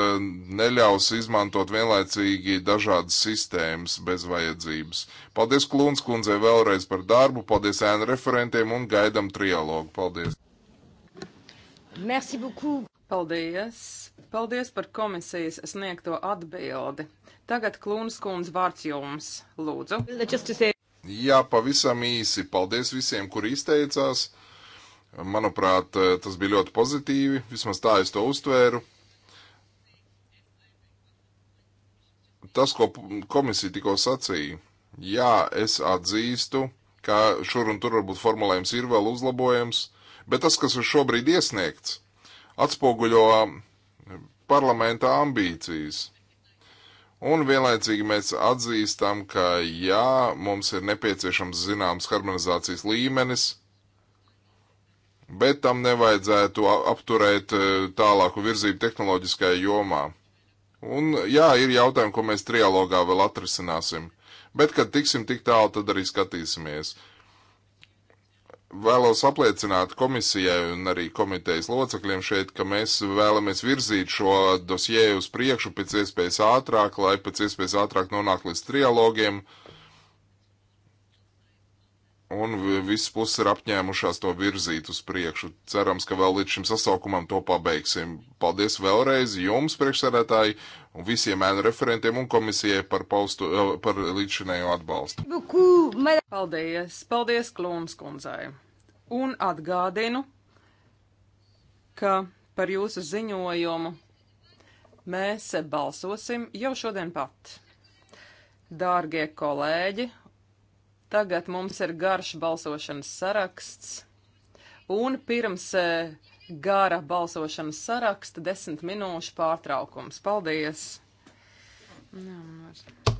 neļaus izmantot vienlaicīgi dažādas sistēmas bez vajadzības. Paldies Klūns kundzei vēlreiz par darbu, paldies ēnu referentiem un gaidam trialogu. Paldies! Merci beaucoup! Paldies! Paldies par komisijas sniegto atbildi. Tagad Klūnas kundze vārds jums, lūdzu. Jā, pavisam īsi. Paldies visiem, kuri izteicās. Manuprāt, eh, tas bija ļoti pozitīvi. Vismaz tā es to uztvēru. Tas, ko komisija tikko sacīja, jā, es atzīstu, ka šur un tur varbūt formulējums ir vēl uzlabojams Bet tas, kas ir šobrīd iesniegts, atspoguļo eh, parlamenta ambīcijas. Un vienlaicīgi mēs atzīstam, ka jā, mums ir nepieciešams zināms harmonizācijas līmenis, bet tam nevajadzētu apturēt eh, tālāku virzību tehnoloģiskajā jomā. Un jā, ir jautājumi, ko mēs trialogā vēl atrisināsim. Bet, kad tiksim tik tālu, tad arī skatīsimies vēlos apliecināt komisijai un arī komitejas locekļiem šeit, ka mēs vēlamies virzīt šo dosieju uz priekšu pēc iespējas ātrāk, lai pēc iespējas ātrāk nonāk līdz trialogiem. Uh, un visas puses ir apņēmušās to virzīt uz priekšu. Cerams, ka vēl līdz šim sasaukumam to pabeigsim. Paldies vēlreiz jums, priekšsēdētāji, un visiem ēnu referentiem un komisijai par, paustu, eh, par līdzšinējo atbalstu. Paldies! Paldies, Klūns kundzei! Un atgādinu, ka par jūsu ziņojumu mēs balsosim jau šodien pat. Dārgie kolēģi, Tagad mums ir garš balsošanas saraksts, un pirms eh, gara balsošanas saraksta desmit minūšu pārtraukums. Paldies! Nē, nu, nu,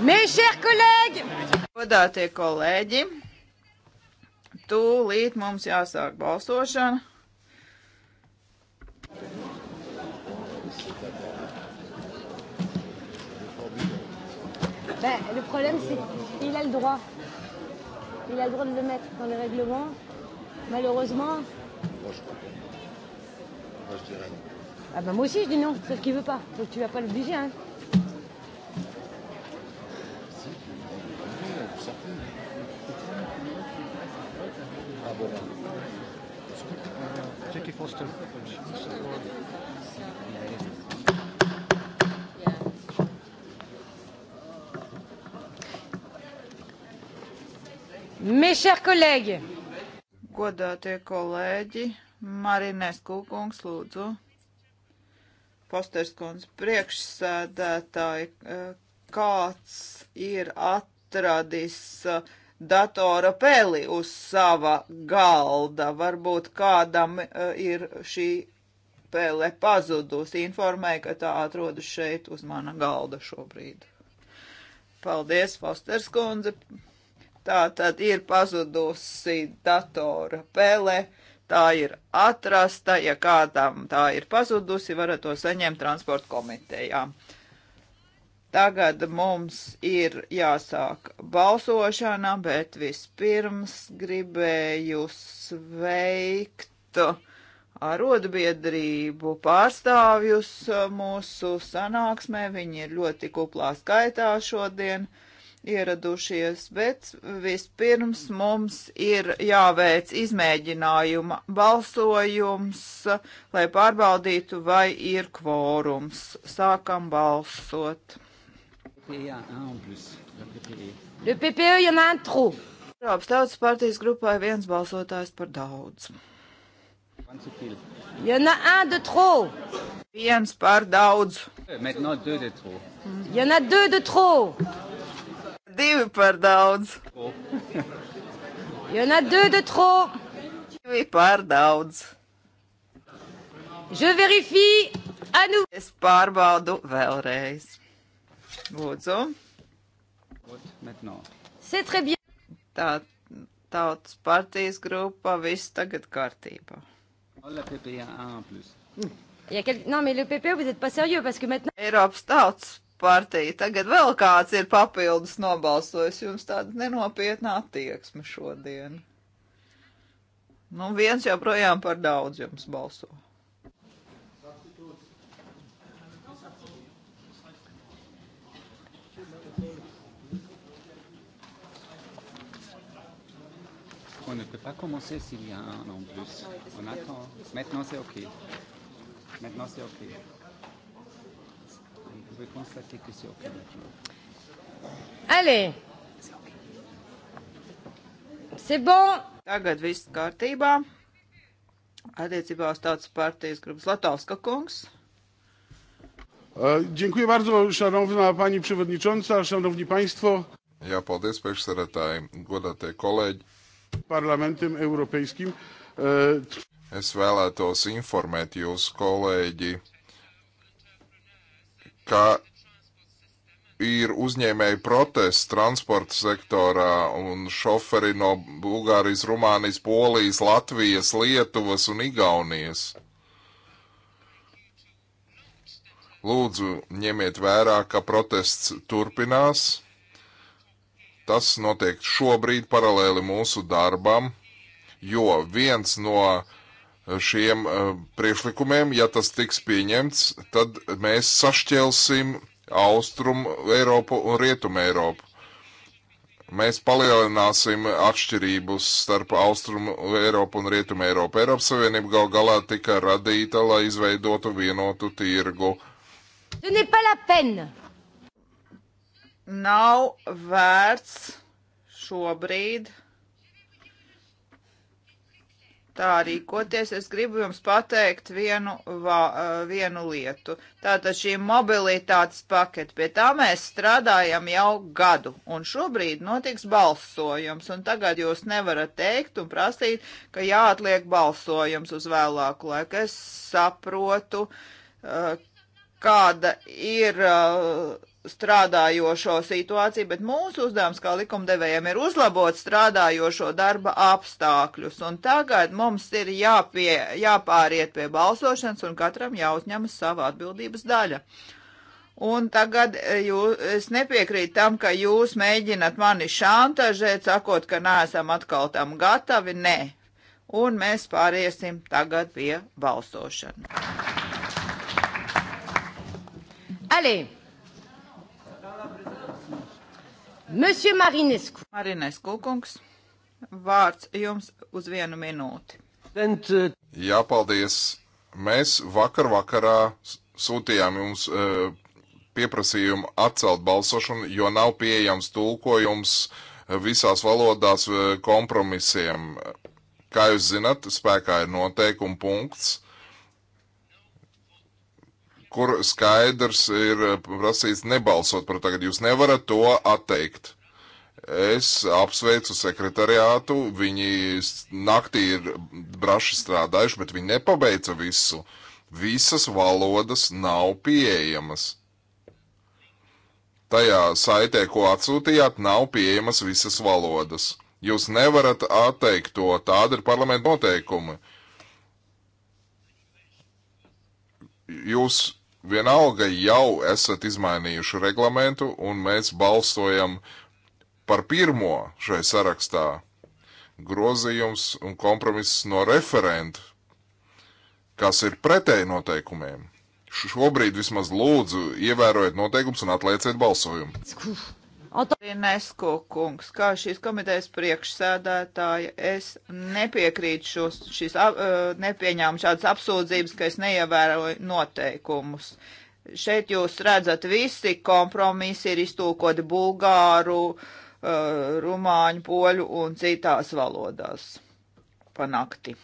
Godātie kolēģi, tūlīt mums jāsāk balsošana. Ben, le problème, c'est qu'il a le droit. Il a le droit de le mettre dans les règlements. Malheureusement. Moi, je, Moi, je dirais non. Ah ben, moi aussi, je dis non, sauf qu'il veut pas. Donc, tu vas pas l'obliger, hein. chers collègues! Godātie kolēģi, Marinēs Kūkungs, lūdzu. Posters kundz priekšsēdētāji, eh, kāds ir atradis eh, datora peli uz sava galda? Varbūt kādam eh, ir šī pele pazudusi. Informēja, ka tā atrodas šeit uz mana galda šobrīd. Paldies, Posters kundze! Tā tad ir pazudusi datora pele, tā ir atrasta, ja kādam tā ir pazudusi, varat to saņemt transporta komitejā. Tagad mums ir jāsāk balsošana, bet vispirms gribēju sveikt arotbiedrību pārstāvjus mūsu sanāksmē. Viņi ir ļoti kuplā skaitā šodien. Uh, ieradušies, bet vispirms mums ir jāveic izmēģinājuma balsojums, lai pārbaudītu, vai ir kvorums. Sākam balsot. E Le PPE, il y en a un trou. Eiropas Tautas partijas grupai viens balsotājs par daudz. Il y en a un de trop. Viens par daudz. Euh, maintenant deux de trop. Il y en a deux de trop. Divi par daudz. Y'en a deux de trop. Divi par daudz. Je vérifie à nouveau. Es pārbaudu vēlreiz. Lūdzu. C'est très bien. Tā tautas partijas grupa, viss tagad kārtībā. Ja, ah, quel... Non, mais le PP, vous n'êtes pas sérieux parce que maintenant. Eiropas tautas partija. Tagad vēl kāds ir papildus nobalsojis, jums tāda nenopietna attieksme šodien. Nu, viens joprojām par daudz jums balso. On ne peut pas commencer s'il y a un en plus. On attend. Maintenant c'est OK. Maintenant c'est OK pouvez constater que c'est OK maintenant. Allez! C'est bon! Tagad viss kārtībā. Attiecībā uz tautas partijas grupas Latovska kungs. E, dziękuję bardzo, szanowna pani przewodnicząca, szanowni państwo. Ja paldies priekšsēdētāji, godātie kolēģi. Parlamentam Eiropeiskim. E, es vēlētos informēt jūs, kolēģi, ka ir uzņēmēji protests transporta sektorā un šoferi no Bulgārijas, Rumānijas, Polijas, Latvijas, Lietuvas un Igaunijas. Lūdzu, ņemiet vērā, ka protests turpinās. Tas notiek šobrīd paralēli mūsu darbam, jo viens no uh, šiem eh, priekšlikumiem, ja tas tiks pieņemts, tad mēs sašķelsim Austrumu Eiropu un Rietumu Eiropu. Mēs palielināsim atšķirības starp Austrumu Eiropu un Rietumu Eiropu. Eiropas Savienība gal galā tika radīta, lai izveidotu vienotu tirgu. Nav vērts šobrīd tā rīkoties, es gribu jums pateikt vienu, va, vienu lietu. Tātad šī mobilitātes paketa, pie tā mēs strādājam jau gadu, un šobrīd notiks balsojums, un tagad jūs nevarat teikt un prasīt, ka jāatliek balsojums uz vēlāku laiku. Es saprotu, kāda ir strādājošo situāciju, bet mūsu uzdevums kā likumdevējiem ir uzlabot strādājošo darba apstākļus. Un tagad mums ir jāpie, jāpāriet pie balsošanas un katram jāuzņemas sava atbildības daļa. Un tagad e, jūs, es nepiekrītu tam, ka jūs mēģināt mani šantažēt, sakot, ka neesam atkal tam gatavi. Nē. Un mēs pāriesim tagad pie balsošanas. Allez! Monsieur Marinescu. Marinescu kungs, vārds jums uz vienu minūti. Jā, paldies. Mēs vakar vakarā sūtījām jums uh, pieprasījumu atcelt balsošanu, jo nav pieejams tulkojums e, visās valodās e, kompromisiem. Kā jūs zinat, spēkā ir noteikuma punkts kur skaidrs ir eh, prasīts nebalsot par tagad. Jūs nevarat to atteikt. Es apsveicu sekretariātu, viņi naktī ir braši strādājuši, bet viņi nepabeica visu. Visas valodas nav pieejamas. Tajā saitē, ko atsūtījāt, nav pieejamas visas valodas. Jūs nevarat atteikt to, tāda ir parlamenta noteikumi. Jūs Vienalga jau esat izmainījuši reglamentu, un mēs balsojam par pirmo šai sarakstā grozījums un kompromiss no referenta, kas ir pretēji noteikumiem. Šobrīd vismaz lūdzu ievērojiet noteikumus un atlieciet balsojumu. Skuf. Nesko kungs, kā šīs komitejas priekšsēdētāja, es nepiekrītu šos, šīs, nepieņēmu šādas apsūdzības, ka es neievēroju noteikumus. Šeit jūs redzat, visi kompromisi ir iztūkoti bulgāru, rumāņu, poļu un citās valodās pa nakti.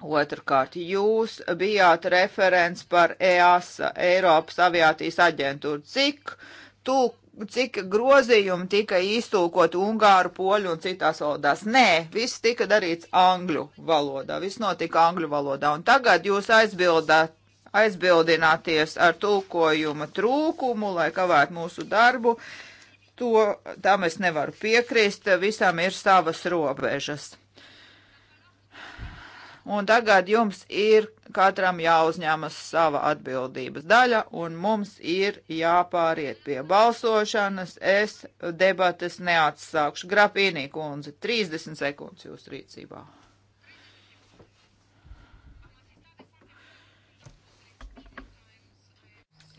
Otrakārt, jūs bijāt referents par EASA, Eiropas aviācijas aģentūru. Cik tūk cik grozījumi tika iztūkot ungāru, poļu un citās valodās. Nē, viss tika darīts angļu valodā, viss notika angļu valodā. Un tagad jūs aizbildāt, aizbildināties ar tulkojuma trūkumu, lai kavētu mūsu darbu. To tam es nevaru piekrist, visam ir savas robežas un tagad jums ir katram jāuzņemas sava atbildības daļa, un mums ir jāpāriet pie balsošanas. Es debates neatsākšu. Grapīnī kundze, 30 sekundes jūsu rīcībā.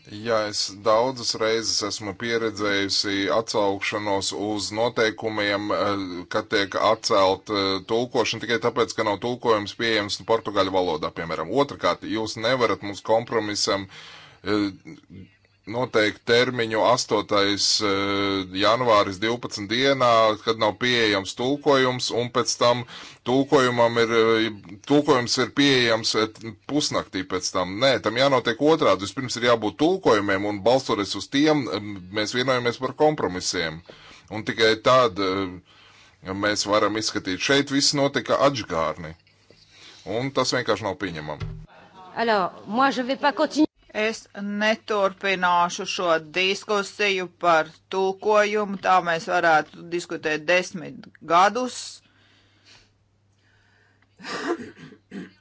Jā, es daudzas reizes esmu pieredzējusi atsaukšanos uz noteikumiem, eh, kad tiek atcelt eh, tulkošana tikai tāpēc, ka nav tulkojums pieejams portugaļu valodā, piemēram. Otrakārt, jūs nevarat mums kompromisam eh, noteikti termiņu 8. Eh, janvāris 12 dienā, kad nav pieejams tulkojums, un pēc tam tulkojumam ir, eh, tulkojums ir pieejams eh, pusnaktī pēc tam. Nē, tam jānotiek otrādi. Vispirms ir jābūt tulkojumiem, un balstoties uz tiem, mēs vienojamies par kompromisiem. Un tikai tad mēs varam izskatīt. Šeit viss notika atžgārni. Un tas vienkārši nav pieņemami. Alors, moi, je vais pas continuer. Es neturpināšu šo diskusiju par tulkojumu, tā mēs varētu diskutēt desmit gadus.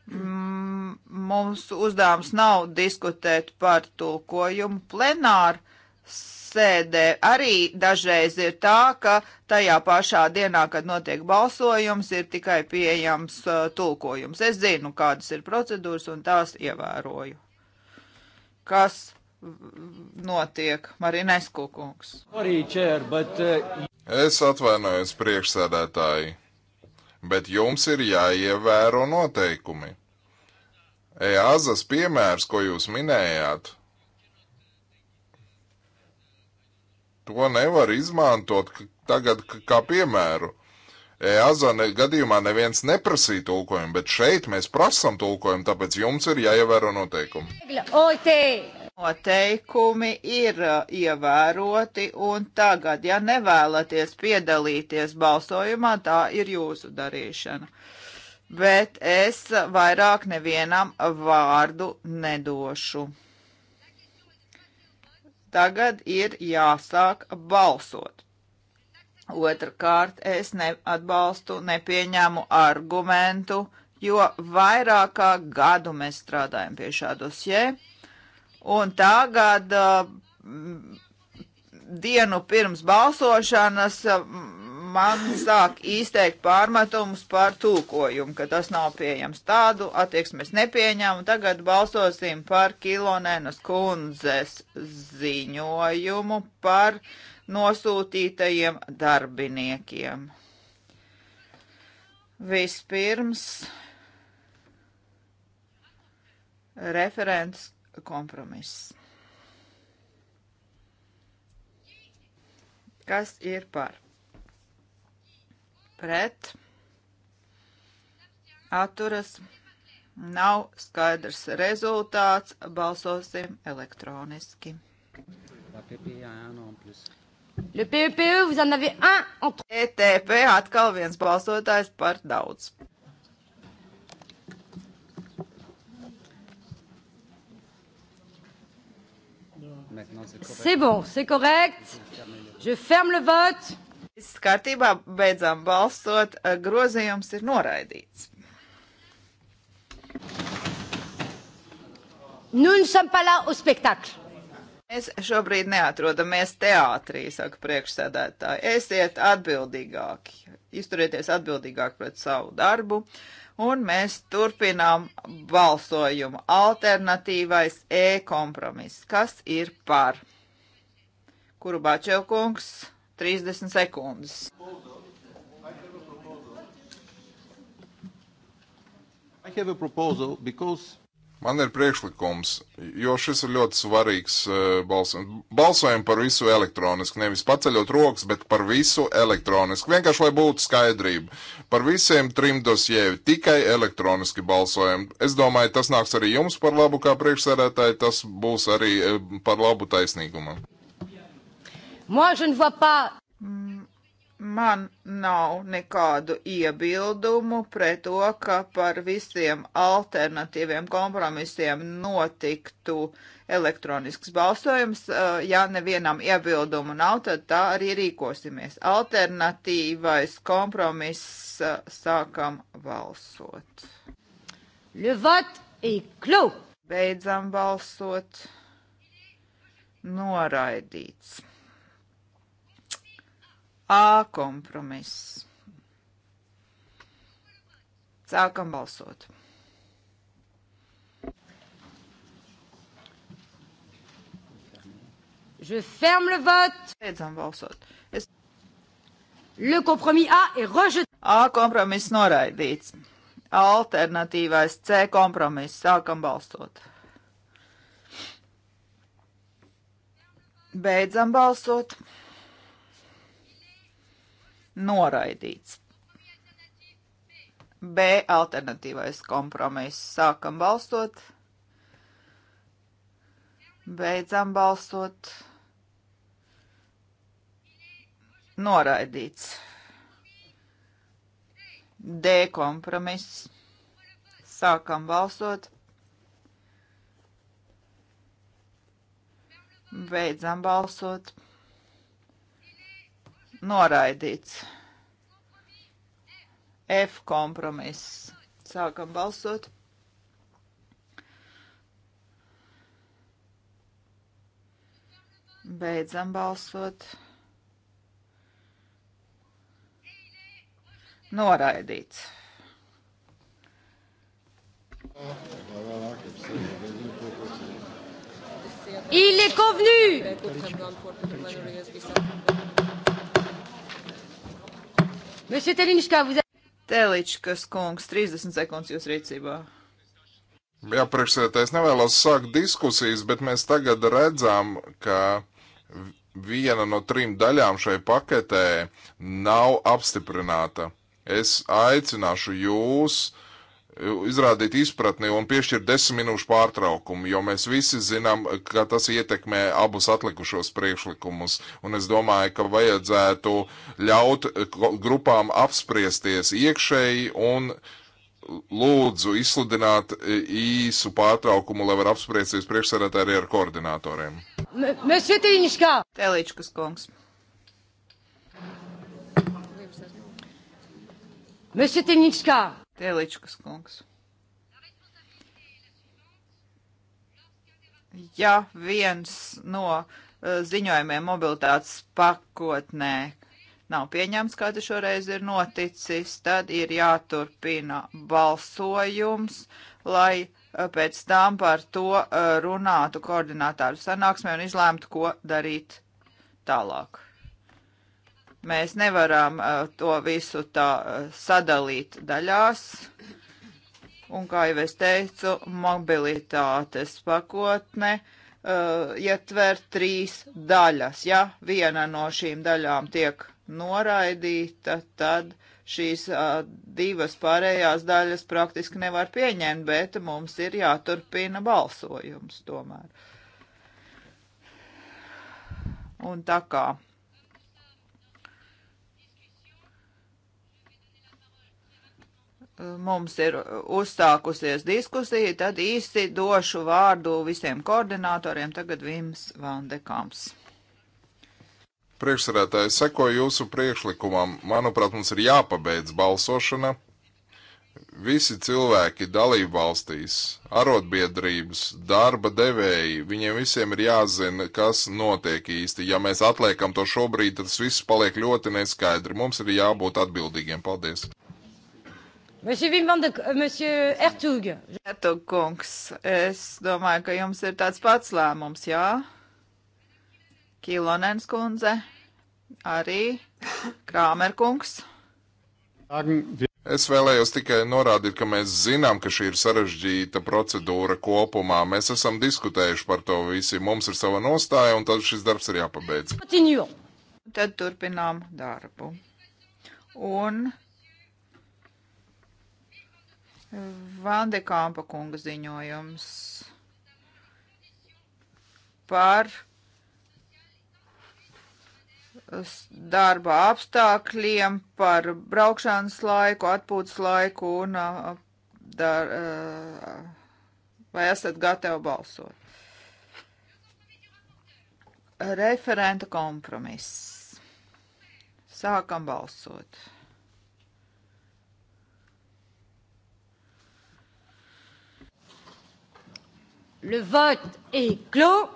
Mm, mums uzdevums nav diskutēt par tulkojumu plenāru sēdē. Arī dažreiz ir tā, ka tajā pašā dienā, kad notiek balsojums, ir tikai pieejams uh, tulkojums. Es zinu, kādas ir procedūras un tās ievēroju kas notiek. Marinesku kungs. Eh, es atvainojos priekšsēdētāji, bet jums ir jāievēro noteikumi. Eāzas piemērs, ko jūs minējāt, to nevar izmantot tagad kā piemēru. EASA ne, gadījumā neviens neprasīja tulkojumu, bet šeit mēs prasām tulkojumu, tāpēc jums ir jāievēro noteikumi. Noteikumi ir uh, ievēroti, un tagad, ja nevēlaties piedalīties balsojumā, tā ir jūsu darīšana. Bet es vairāk nevienam vārdu nedošu. Tagad ir jāsāk balsot. Otrakārt, es neatbalstu, nepieņēmu argumentu, jo vairāk kā gadu mēs strādājam pie šā dosjē, un tagad m, mm, dienu pirms balsošanas mm, man sāk izteikt pārmetumus par tūkojumu, ka tas nav pieejams tādu, attieksmes nepieņēmu, tagad balsosim par Kilonēnas kundzes ziņojumu par uh, nosūtītajiem darbiniekiem. Vispirms referents kompromiss. Kas ir par? Pret atturas nav skaidrs rezultāts, balsosim elektroniski. La PPA, non nu, plus. Le PEPE, e, vous en avez un en e trop. ETP atkal viens balsotājs par daudz. C'est bon, c'est correct. Je ferme le vote. Viss kārtībā, beidzām balsot, grozījums ir noraidīts. Nous ne sommes pas là au spectacle. Mēs šobrīd neatrodamies teātrī, saka priekšsēdētāji. Esiet atbildīgāki, izturieties atbildīgāk pret savu darbu, un mēs turpinām balsojumu. Alternatīvais e-kompromiss. Kas ir par? Kuru Bačevkungs 30 sekundes. I have a proposal because Man ir priekšlikums, jo šis ir ļoti svarīgs eh, balsojums. Balsojam par visu elektroniski, nevis paceļot rokas, bet par visu elektroniski. Vienkārši, lai būtu skaidrība. Par visiem trim dosjēvi tikai elektroniski balsojam. Es domāju, tas nāks arī jums par labu kā priekšsēdētāji, tas būs arī eh, par labu taisnīgumam. Moi, je ne vois pas man nav nekādu iebildumu pret to, ka par visiem alternatīviem kompromisiem notiktu elektronisks balsojums. Eh, ja nevienam iebildumu nav, tad tā arī rīkosimies. Alternatīvais kompromiss eh, sākam balsot. Le vote est clos. Beidzam balsot. Noraidīts. A kompromiss. Sākam balsot. Je ferme le vote. Beidzam balsot. Es... Le compromis A est rejeté. A kompromiss noraidīts. Alternatīvais C kompromiss. Sākam balsot. Beidzam balsot noraidīts. B alternatīvais kompromiss. Sākam balsot. Beidzam balsot. Noraidīts. D kompromiss. Sākam balsot. Beidzam balsot. Noraidīts. F kompromiss. Sākam balsot. Beidzam balsot. Noraidīts. Il est convenu! Teličkas kungs, 30 sekundes jūs rīcībā. Jā, priekšsēdētājs nevēlas sākt diskusijas, bet mēs tagad redzam, ka viena no trim daļām šai paketē nav apstiprināta. Es aicināšu jūs uh, izrādīt izpratni un piešķirt desmit minūšu pārtraukumu, jo mēs visi zinām, ka tas ietekmē abus atlikušos priekšlikumus. Un es domāju, ka vajadzētu ļaut grupām apspriesties iekšēji un lūdzu izsludināt īsu pārtraukumu, lai var apspriesties priekšsēdētāji ar koordinatoriem. Mēs vietiņš kā! Teličkas kungs. Mēs vietiņš kā! Tēličkas kungs. Ja viens no uh, ziņojumiem mobilitātes pakotnē nav pieņemts, kā tas šoreiz ir noticis, tad ir jāturpina balsojums, lai eh, pēc tam par to eh, runātu koordinātāru sanāksmē un izlēmtu, ko darīt tālāk. Mēs nevaram uh, to visu tā uh, sadalīt daļās. Un, kā jau es teicu, mobilitātes pakotne uh, ietver trīs daļas. Ja viena no šīm daļām tiek noraidīta, tad šīs uh, divas pārējās daļas praktiski nevar pieņemt, bet mums ir jāturpina balsojums tomēr. Un tā kā mums ir uzsākusies diskusija, tad īsti došu vārdu visiem koordinatoriem. Tagad Vims Vandekams. Priekšsarētāji, sekoju jūsu priekšlikumam. Manuprāt, mums ir jāpabeidz balsošana. Visi cilvēki dalību valstīs, arotbiedrības, darba devēji, viņiem visiem ir jāzina, kas notiek īsti. Ja mēs atliekam to šobrīd, tad viss paliek ļoti neskaidri. Mums ir jābūt atbildīgiem. Paldies! Euh, Ertug. Ertug kungs, es domāju, ka jums ir tāds pats lēmums, jā? Kilonens kundze, arī Krāmer kungs. Es vēlējos tikai norādīt, ka mēs zinām, ka šī ir sarežģīta procedūra kopumā. Mēs esam diskutējuši par to visi. Mums ir sava nostāja, un tad šis darbs ir jāpabeidz. Tad turpinām darbu. Un Vandekāmpa kunga ziņojums par darba apstākļiem, par braukšanas laiku, atpūtas laiku un dar, vai esat gatavi balsot. Referenta kompromiss. Sākam balsot. Le vote est clos.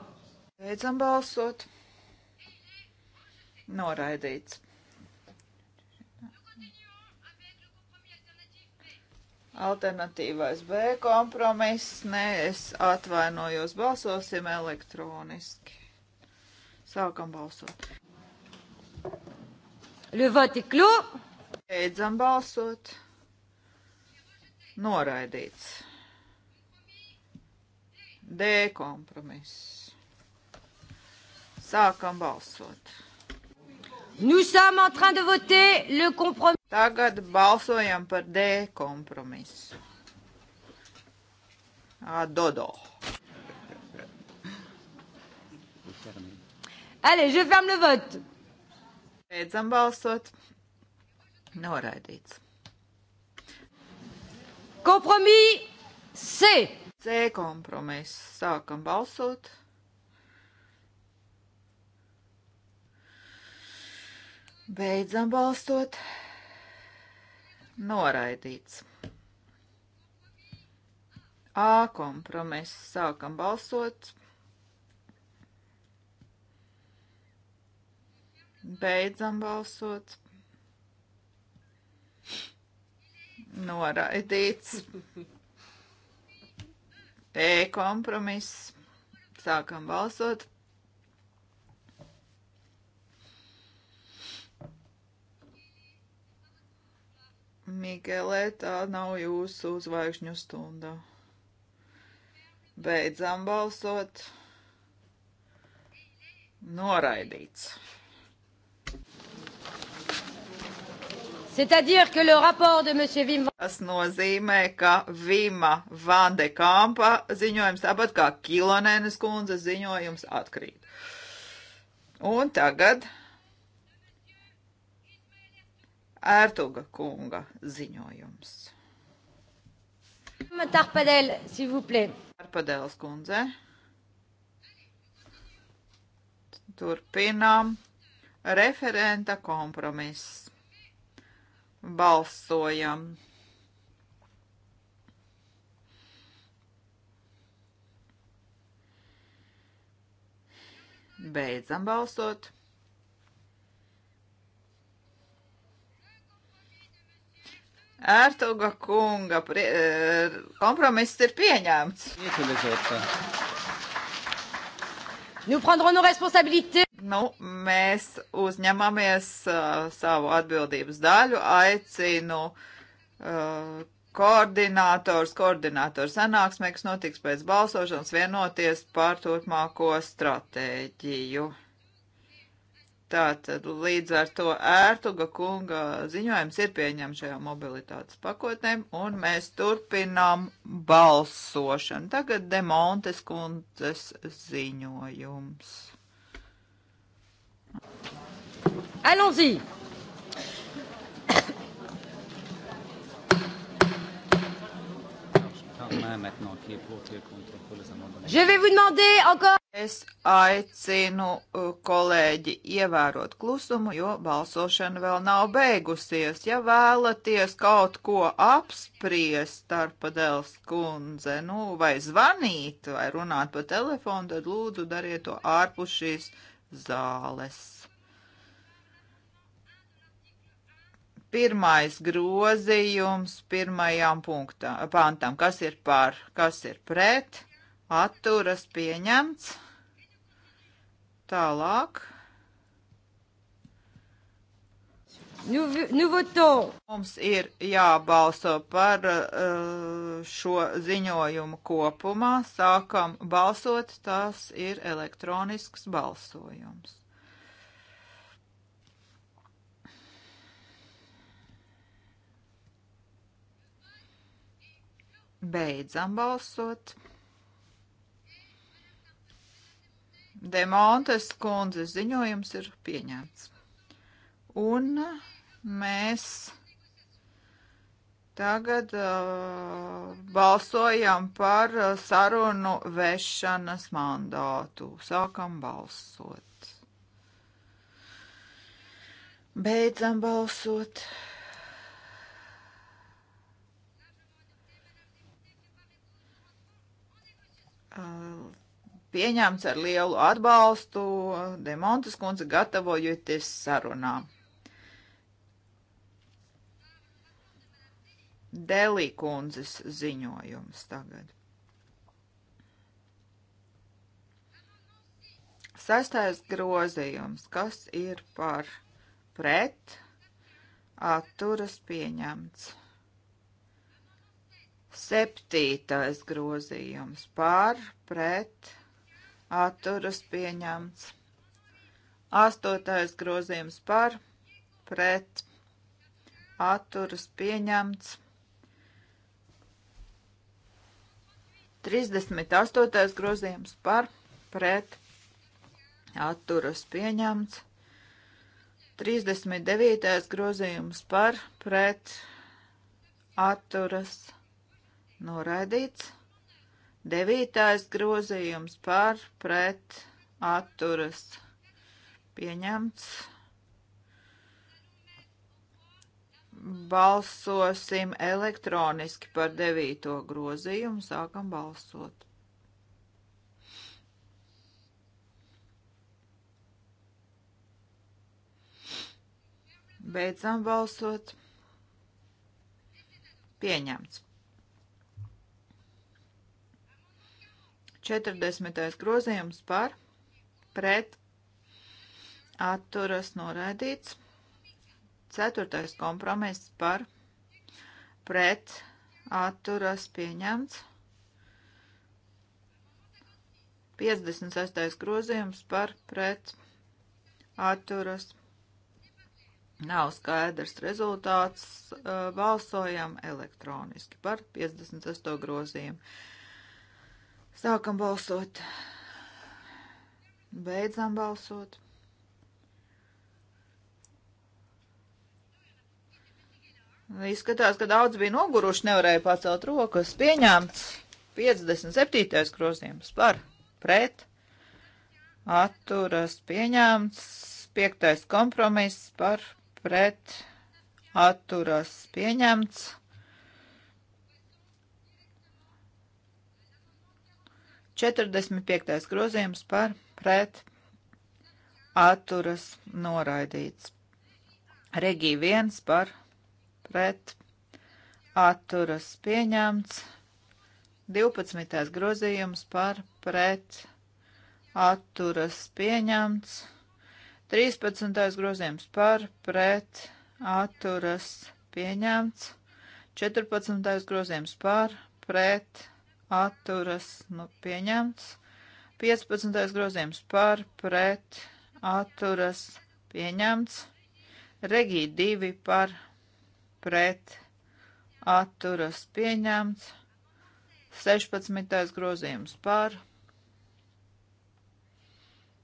Beidzam balsot. Noraidīts. Alternatīvais B kompromiss. Nē, es atvainojos. Balsosim elektroniski. Sākam balsot. Le vote est clos. Beidzam balsot. Noraidīts. D kompromiss. Sākam balsot. Nous sommes en train de voter le compromis. Tagad balsojam par D kompromisu. À dodo. Allez, je ferme le vote. Beidzam balsot. Noraidīts. Kompromis C. C kompromiss. Sākam balsot. Beidzam balstot. Noraidīts. A kompromiss. Sākam balsot. Beidzam balsot. Noraidīts. E kompromiss. Sākam balsot. Mikelē, tā nav jūsu zvaigžņu stunda. Beidzam balsot. Noraidīts. Tas nozīmē, ka Vima Vande Kampa ziņojums, tāpat kā Kilonēnas kundzes ziņojums, atkrīt. Un tagad Ērtuga kunga ziņojums. Tarpadēl, s'il vous plaît. Tarpadēls kundze. Turpinām referenta kompromiss. Balsojam. Beidzam balsot. Ērtuga kunga prie, eh, kompromiss ir pieņemts. Eh. Nous prendrons nos responsabilités nu, mēs uzņemamies uh, savu atbildības daļu, aicinu uh, koordinātors, koordinātors sanāksmē, kas notiks pēc balsošanas, vienoties par turpmāko stratēģiju. Tātad līdz ar to ērtuga kunga ziņojums ir pieņemts šajā mobilitātes pakotnēm, un mēs turpinām balsošanu. Tagad demontes kundzes ziņojums. Allons-y. Je vais vous demander encore. Es aicinu uh, kolēģi ievērot klusumu, jo balsošana vēl nav beigusies. Ja vēlaties kaut ko apspriest ar padēls kundze, nu, vai zvanīt, vai runāt pa telefonu, tad lūdzu dariet to ārpus šīs. Uh, zāles. Pirmais grozījums pirmajām punktā, pantam, kas ir par, kas ir pret, atturas pieņemts. Tālāk. Nu, nu Mums ir jābalso par uh, šo ziņojumu kopumā. Sākam balsot, tas ir elektronisks balsojums. Beidzam balsot. Demontes kundzes ziņojums ir pieņemts. Un mēs tagad uh, balsojam par uh, sarunu vešanas mandātu. Sākam balsot. Beidzam balsot. Uh, pieņemts ar lielu atbalstu. Demontas kundze gatavojoties sarunām. Delī kundzes ziņojums tagad. Sestais grozījums, kas ir par pret, atturas pieņemts. Septītais grozījums par pret, atturas pieņemts. Astotais grozījums par pret, atturas pieņemts. 38. grozījums par pret atturas pieņemts. 39. grozījums par pret atturas noraidīts. 9. grozījums par pret atturas pieņemts. Balsosim elektroniski par devīto grozījumu. Sākam balsot. Beidzam balsot. Pieņemts. 40. grozījums par pret atturas noraidīts. Ceturtais kompromiss par pret atturas pieņemts. 56. grozījums par pret atturas. Nav skaidrs rezultāts. Balsojam elektroniski par 58. grozījumu. Sākam balsot. Beidzam balsot. Izskatās, ka daudz bija noguruši, nevarēja pacelt rokas. Pieņemts 57. grozījums par pret. Atturas pieņemts 5. kompromiss par pret. Atturas pieņemts. Četrdesmit piektais grozījums par pret atturas noraidīts. Regī viens par pret pret atturas pieņemts. 12. grozījums par pret atturas pieņemts. 13. grozījums par pret atturas pieņemts. 14. grozījums par, pret, atturas, nu, pieņemts. 15. grozījums par, pret, atturas, pieņemts. Regī 2 par, pret atturas pieņemts. 16. grozījums par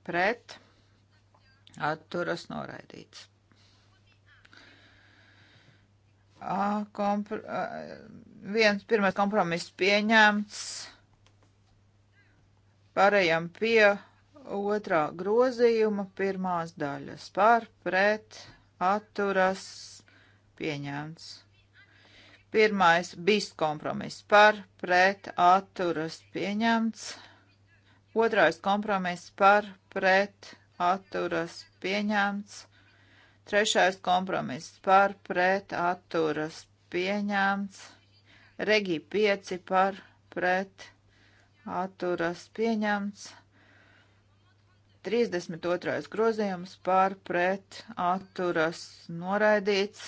pret atturas noraidīts. A, kompr viens pirmais kompromiss pieņemts. Pārējām pie otrā grozījuma pirmās daļas par pret atturas pieņemts. Pirmais bijis kompromiss par, pret, atturas pieņemts. Otrais kompromiss par, pret, atturas pieņemts. Trešais kompromiss par, pret, atturas pieņemts. Regi 5 par, pret, atturas pieņemts. 32. grozījums par, pret, atturas noraidīts.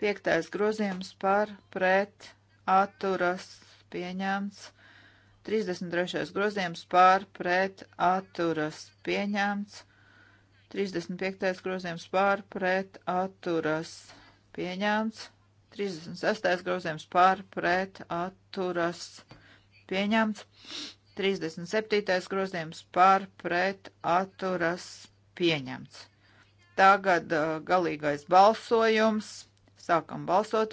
Piektais grozījums par pret atturas pieņemts. 33. grozījums par pret atturas pieņemts. 35. grozījums par pret atturas pieņemts. 36. grozījums par pret atturas pieņemts. 37. grozījums par pret atturas pieņemts. Tagad uh, galīgais balsojums Sākam balsot.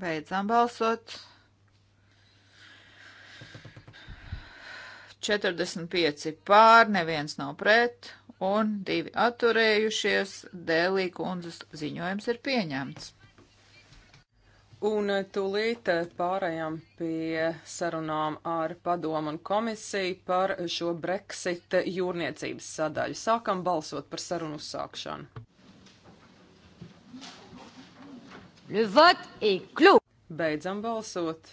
Beidzam balsot. 45 pār, neviens nav pret un divi atturējušies. Dēlī kundzes ziņojums ir pieņemts. Un tūlīt pārējām pie sarunām ar padomu un komisiju par šo Brexit jūrniecības sadaļu. Sākam balsot par sarunu uzsākšanu. Beidzam balsot.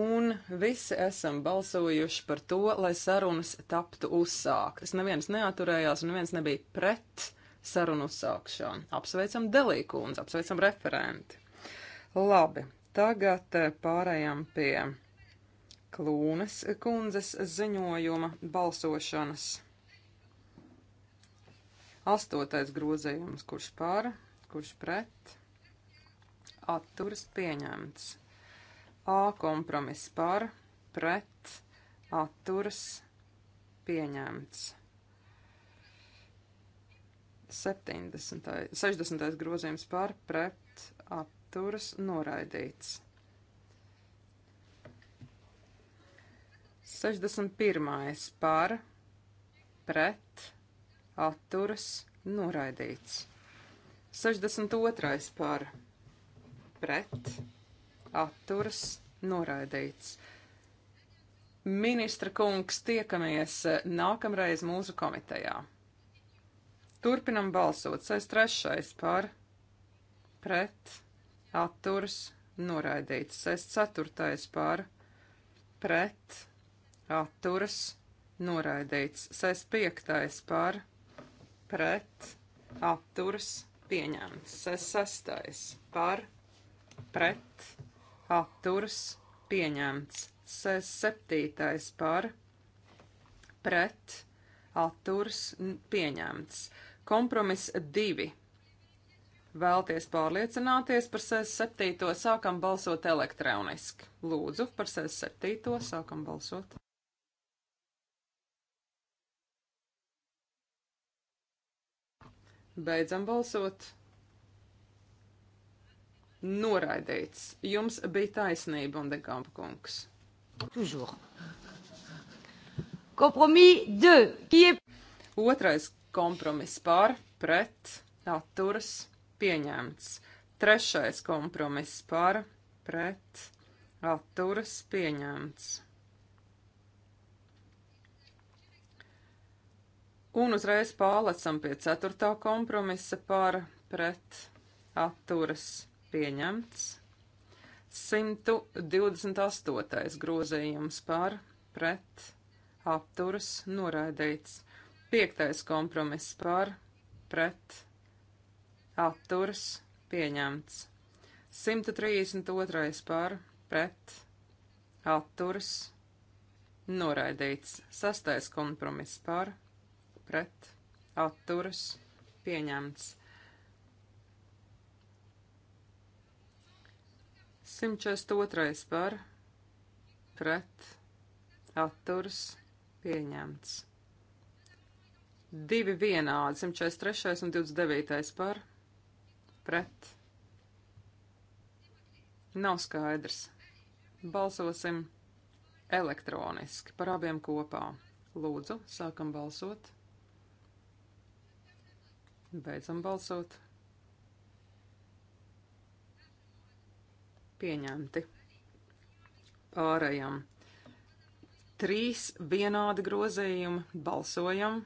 Un visi esam balsojuši par to, lai sarunas taptu uzsāktas. Neviens neaturējās un neviens nebija pret sarunu uzsākšanu. Apsveicam Delīkūns, apsveicam referenti. Labi, tagad eh, pārējām pie Klūnes kundzes ziņojuma balsošanas. Astotais grozījums, kurš pār, kurš pret, atturas pieņemts. A kompromiss par, pret, atturas pieņemts. 70. 60. grozījums par pret atturas noraidīts. 61. par pret atturas noraidīts. 62. par pret atturas noraidīts. Ministra kungs, tiekamies nākamreiz mūsu komitejā. Turpinam balsot. 63. par pret atturas noraidīts. 64. par pret atturas noraidīts. 65. par pret atturas pieņemts. 66. par pret atturas pieņemts. 67. par pret atturas pieņemts. Kompromiss 2. Vēlties pārliecināties par 67. sākam balsot elektroniski. Lūdzu, par 67. sākam balsot. Beidzam balsot. Noraidīts. Jums bija taisnība un degampa kungs. Toujours. Kompromis 2. Otrais kompromiss par, pret, atturas, pieņemts. Trešais kompromiss par, pret, atturas, pieņemts. Un uzreiz pārlecam pie ceturtā kompromisa par, pret, atturas, pieņemts. 128. grozījums par, pret, atturas, noraidīts. Piektais kompromiss par, pret, atturas, pieņemts. 132. par, pret, atturas, noraidīts. Sastais kompromiss par, pret, atturas, pieņemts. 142. par, pret, atturas, pieņemts. Divi vienādi, 143. un 29. par pret. Nav skaidrs. Balsosim elektroniski par abiem kopā. Lūdzu, sākam balsot. Beidzam balsot. Pieņemti. Pārējām. Trīs vienādi grozījumi. Balsojam.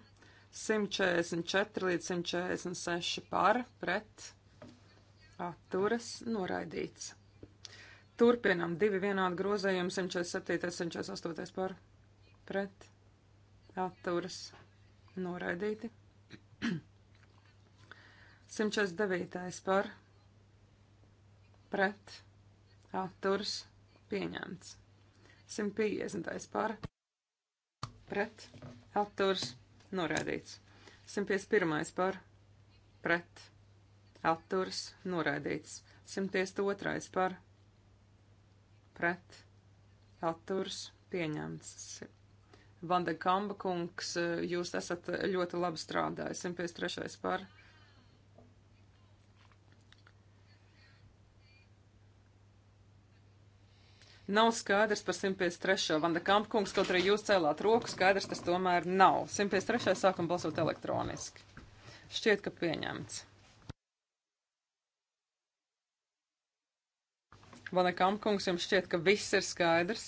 144 līdz 146 par, pret, atturas, noraidīts. Turpinam divi vienādi grozējumi 147, 148 par, pret, atturas, noraidīti. 149 par, pret, atturs, pieņemts. 150 par, pret, atturs, pieņemts noraidīts. 151. par pret atturs noraidīts. 152. par pret atturs pieņemts. Vanda Kamba kungs, eh, jūs esat ļoti labi strādājis. 153. par pret Nav skaidrs par 153. Vanda Kampkungs, kaut arī jūs cēlāt roku, skaidrs tas tomēr nav. 153. sākam balsot elektroniski. Šķiet, ka pieņemts. Vanda Kampkungs, jums šķiet, ka viss ir skaidrs?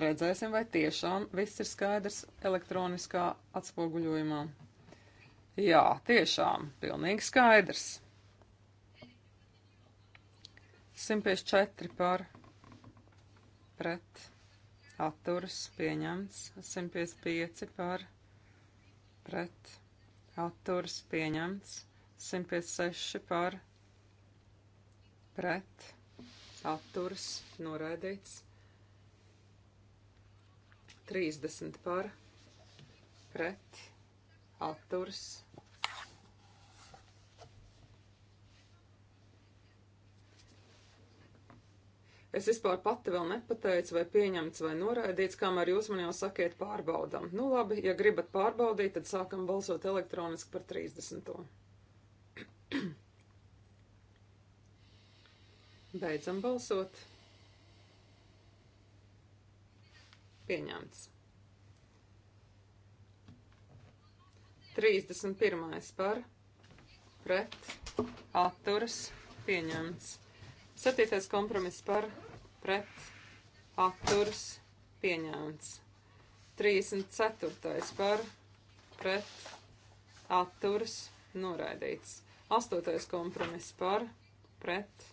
Redzēsim, vai tiešām viss ir skaidrs elektroniskā atspoguļojumā. Jā, tiešām, pilnīgi skaidrs. 154 par pret atturas pieņemts, 155 par pret atturas pieņemts, 156 par pret atturas noraidīts, 30 par pret atturas pieņemts Es vispār pati vēl nepateicu, vai pieņemts vai noraidīts, kamēr jūs man jau sakiet pārbaudam. Nu labi, ja gribat pārbaudīt, tad sākam balsot elektroniski par 30. Beidzam balsot. Pieņemts. 31. par, pret, atturas, pieņemts. 7. kompromiss par, pret atturs pieņēmts. 34. par pret atturs noraidīts. 8. kompromiss par pret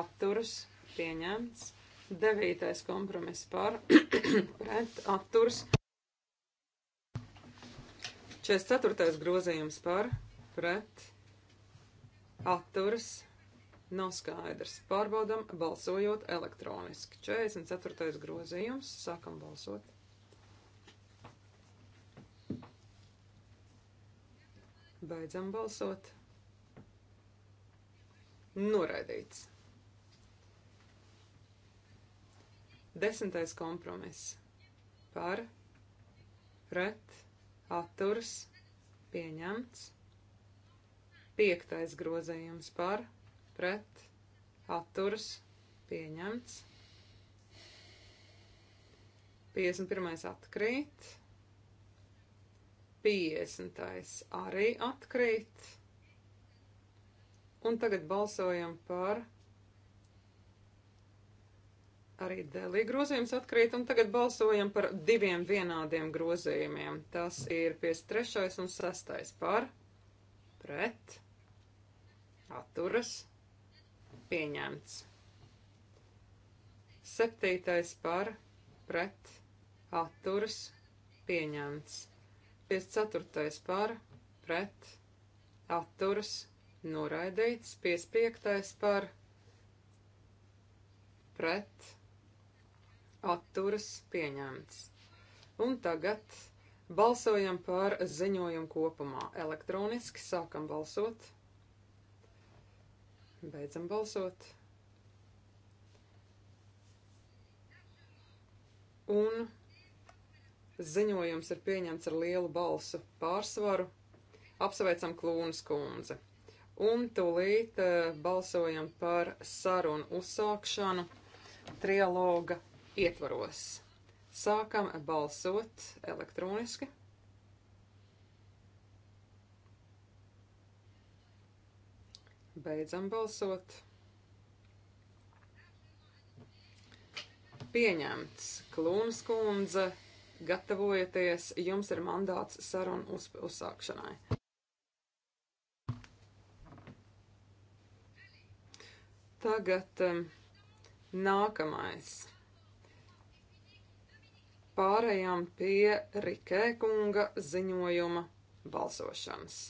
atturs pieņemts. 9. kompromiss par pret atturs. 44. grozījums par pret atturs pieņemts nav skaidrs. Pārbaudam, balsojot elektroniski. 44. grozījums, sākam balsot. Beidzam balsot. Noraidīts. Desmitais kompromiss. Par, pret, atturs, pieņemts. Piektais grozījums par, pret pret atturas pieņemts. 51. atkrīt. 50. arī atkrīt. Un tagad balsojam par arī Delī grozījums atkrīt, un tagad balsojam par diviem vienādiem grozījumiem. Tas ir 53. un 6. par, pret, atturas, pieņemts. Septītais par pret atturas pieņemts. 54. par pret atturas noraidīts. 55. par pret atturas pieņemts. Un tagad balsojam par ziņojumu kopumā. Elektroniski sākam balsot. Beidzam balsot. Un ziņojums ir pieņemts ar lielu balsu pārsvaru. Apsveicam Klūnas kundze. Un tūlīt eh, balsojam par sarunu uzsākšanu trialoga ietvaros. Sākam balsot elektroniski. Beidzam balsot. Pieņemts. Klūms kundze, gatavojieties, jums ir mandāts sarunu uz, uzsākšanai. Tagad um, nākamais. Pārējām pie Rikē kunga ziņojuma balsošanas.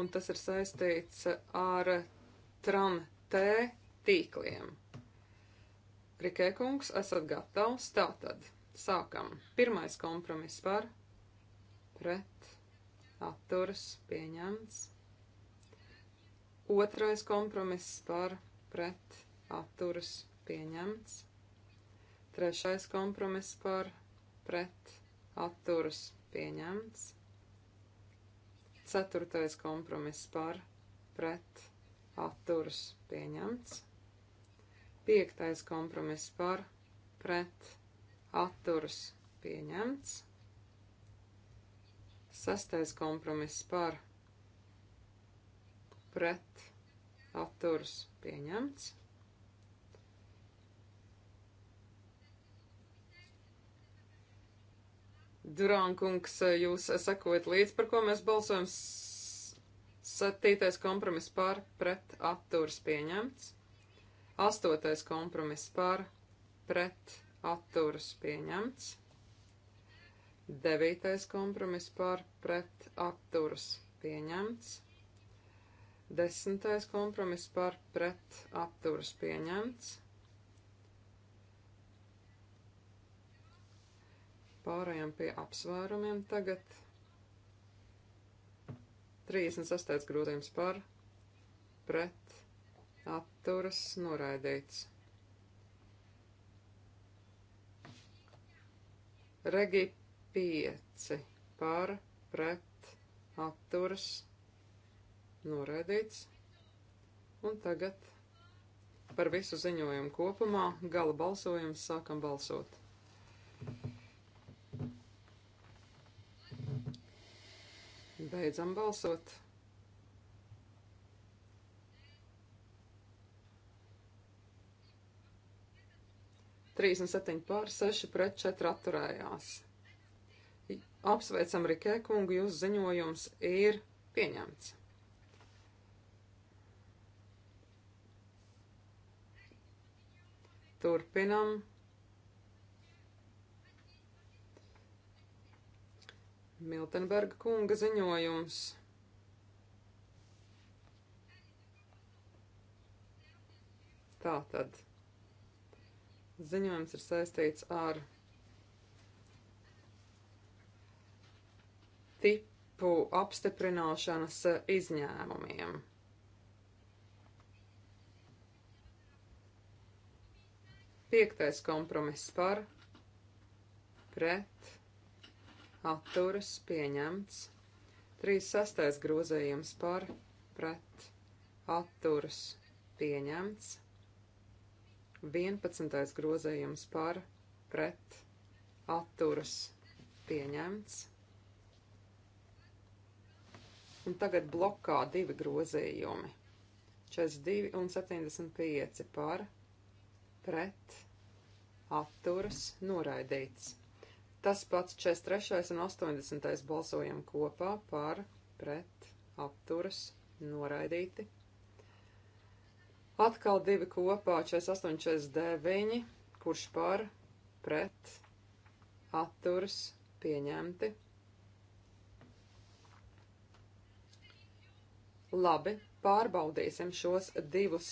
un tas ir saistīts ar tram T tīkliem. Rikē kungs, esat gatavs? Tātad, sākam. Pirmais kompromiss par, pret, atturas, pieņemts. Otrais kompromiss par, pret, atturas, pieņemts. Trešais kompromiss par, pret, atturas, pieņemts. Ceturtais kompromiss par pret atturas pieņemts. Piektais kompromiss par pret atturas pieņemts. Sastais kompromiss par pret atturas pieņemts. Durankungs, eh, jūs sekojat līdz, par ko mēs balsojam. Satītais kompromiss par pret atturs pieņemts. Astotais kompromiss par pret atturs pieņemts. Devītais kompromiss par pret atturs pieņemts. Desmitais kompromiss par pret atturs pieņemts. Pārējām pie apsvērumiem tagad. 36. grozījums par, pret, atturas, noraidīts. Regi 5 par, pret, atturas, noraidīts. Un tagad par visu ziņojumu kopumā gala balsojumu sākam balsot. Beidzam balsot. Trīsdesmit septiņi pār seši pret četri atturējās. Apsveicam Rikē kungu, jūsu ziņojums ir pieņemts. Turpinam. Miltenberga kunga ziņojums. Tā tad ziņojums ir saistīts ar tipu apstiprināšanas izņēmumiem. Piektais kompromiss par pret atturas pieņemts. 36. grozījums par pret atturas pieņemts. 11. grozījums par pret atturas pieņemts. Un tagad blokā divi grozījumi. 42 un 75 par pret atturas noraidīts. Tas pats 43. un 80. balsojam kopā par pret apturas noraidīti. Atkal divi kopā 48, 49, kurš par pret atturas pieņemti. Labi, pārbaudīsim šos divus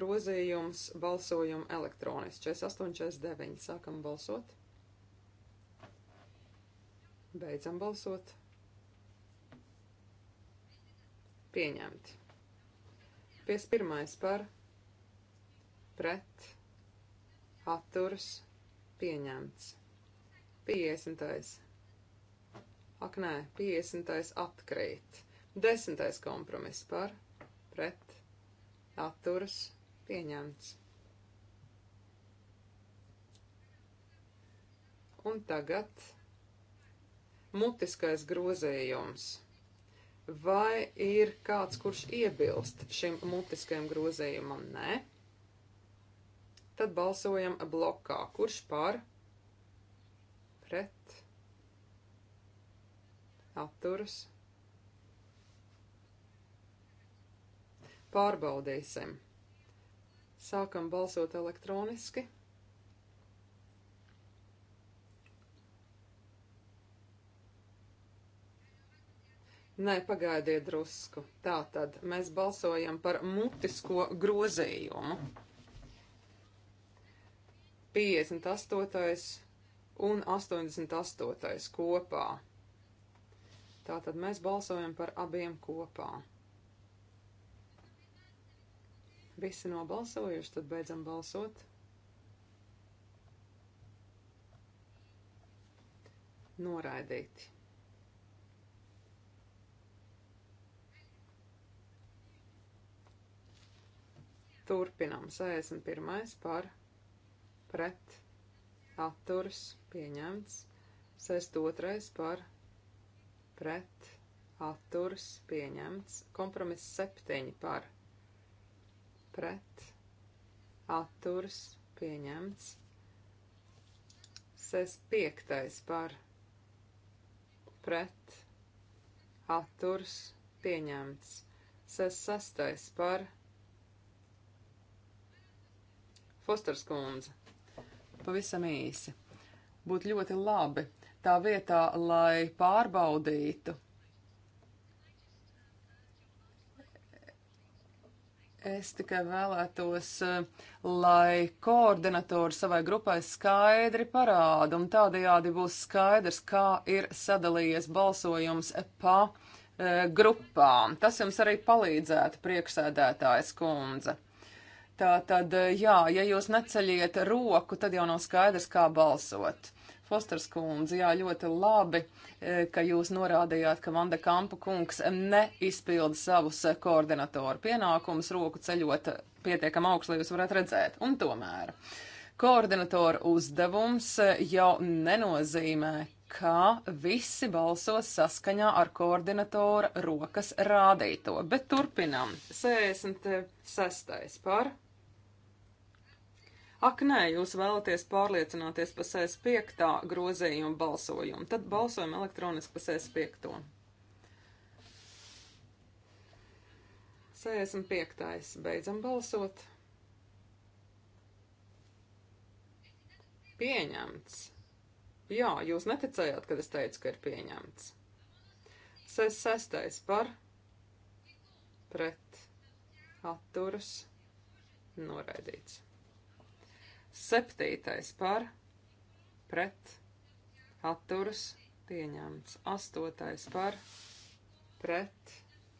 grozījumus balsojumu elektroniski. 48, 49, sākam balsot. Beidzam balsot. Pieņemti. 51. par pret atturas pieņemts. 50. Ak, nē, 50. atkrīt. 10. kompromiss par pret atturas pieņemts. Un tagad mutiskais grozējums. Vai ir kāds, kurš iebilst šim mutiskajam grozējumam? Nē. Tad balsojam blokā. Kurš par? Pret. Atturas. Pārbaudīsim. Sākam balsot elektroniski. Nē, pagaidiet drusku. Tā tad mēs balsojam par mutisko grozījumu. 58. un 88. kopā. Tā tad mēs balsojam par abiem kopā. Visi nobalsojuši, tad beidzam balsot. Noraidīti. Turpinām 61. par pret atturas pieņemts, 62. par pret atturas pieņemts, kompromiss 7 par pret atturas pieņemts, 65. par pret atturas pieņemts, 66. par pret Fosters kundze. Pavisam īsi. Būtu ļoti labi tā vietā, lai pārbaudītu. Es tikai vēlētos, eh, lai koordinatori savai grupai skaidri parāda, un tādējādi būs skaidrs, kā ir sadalījies balsojums pa e, grupām. Tas jums arī palīdzētu, priekšsēdētājs kundze. Tā tad, eh, jā, ja jūs neceļiet roku, tad jau nav skaidrs, kā balsot. Fosters kundze, jā, ļoti labi, eh, ka jūs norādījāt, ka Vanda Kampa kungs neizpilda savus eh, koordinatoru pienākumus roku ceļot pietiekam augstu, lai jūs varētu redzēt. Un tomēr koordinatoru uzdevums jau nenozīmē, ka visi balsos saskaņā ar koordinatora rokas rādīto. Bet turpinam. 66. par ak nē, jūs vēlaties pārliecināties par 65. grozījumu balsojumu, tad balsojam elektroniski par 65. 65. Beidzam balsot. Pieņemts. Jā, jūs neticējāt, kad es teicu, ka ir pieņemts. 66. par pret atturas noraidīts. Septītais par pret atturas pieņemts. Astotais par pret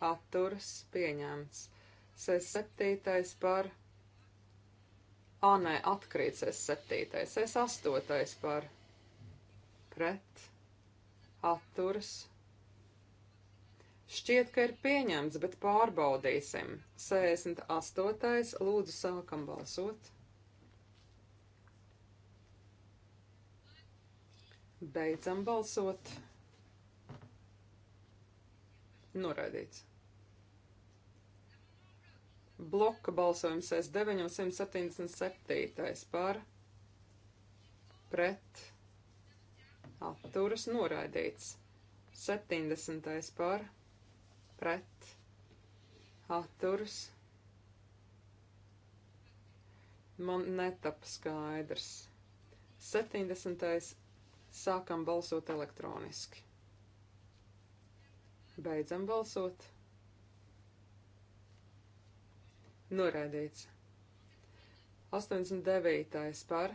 atturas pieņemts. Sēs septītais par. Ā, nē, atkrīt sēs septītais. Sēs astotais par pret atturas. Šķiet, ka ir pieņemts, bet pārbaudīsim. 68. lūdzu sākam balsot. Beidzam balsot. Noraidīts. Bloka balsojums S9 un 177. par pret atturas noraidīts. 70. par pret atturas. Man netapa skaidrs. 70. Sākam balsot elektroniski. Beidzam balsot. Noraidīts. 89. par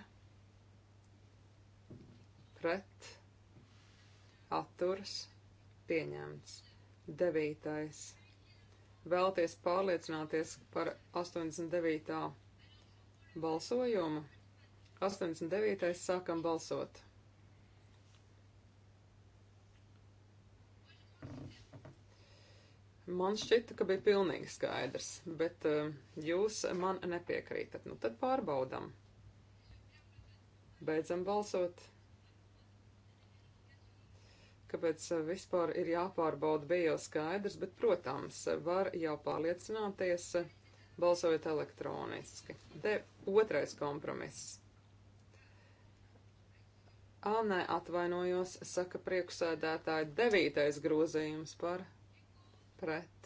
pret atturs pieņemts. 9. Vēlties pārliecināties par 89. balsojumu. 89. sākam balsot. Man šķita, ka bija pilnīgi skaidrs, bet uh, jūs man nepiekrītat. Nu tad pārbaudam. Beidzam balsot. Kāpēc eh, vispār ir jāpārbauda, bija jau skaidrs, bet, protams, var jau pārliecināties, eh, balsojot elektroniski. De otrais kompromiss. Ā, nē, atvainojos, saka priekšsēdētāja devītais grozījums par pret,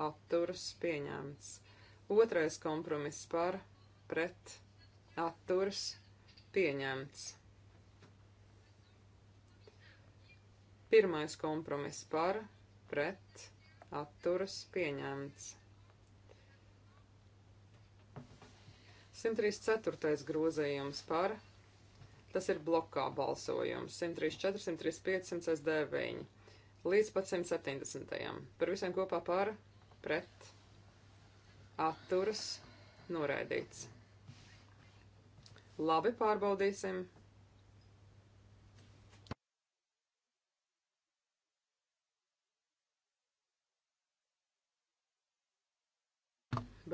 atturas pieņemts. Otrais kompromiss par, pret, atturas pieņemts. Pirmais kompromiss par, pret, atturas pieņemts. 134. grozījums par, tas ir blokā balsojums, 134, 135, 109 līdz pat 170. Par visiem kopā par, pret, atturas, noraidīts. Labi, pārbaudīsim.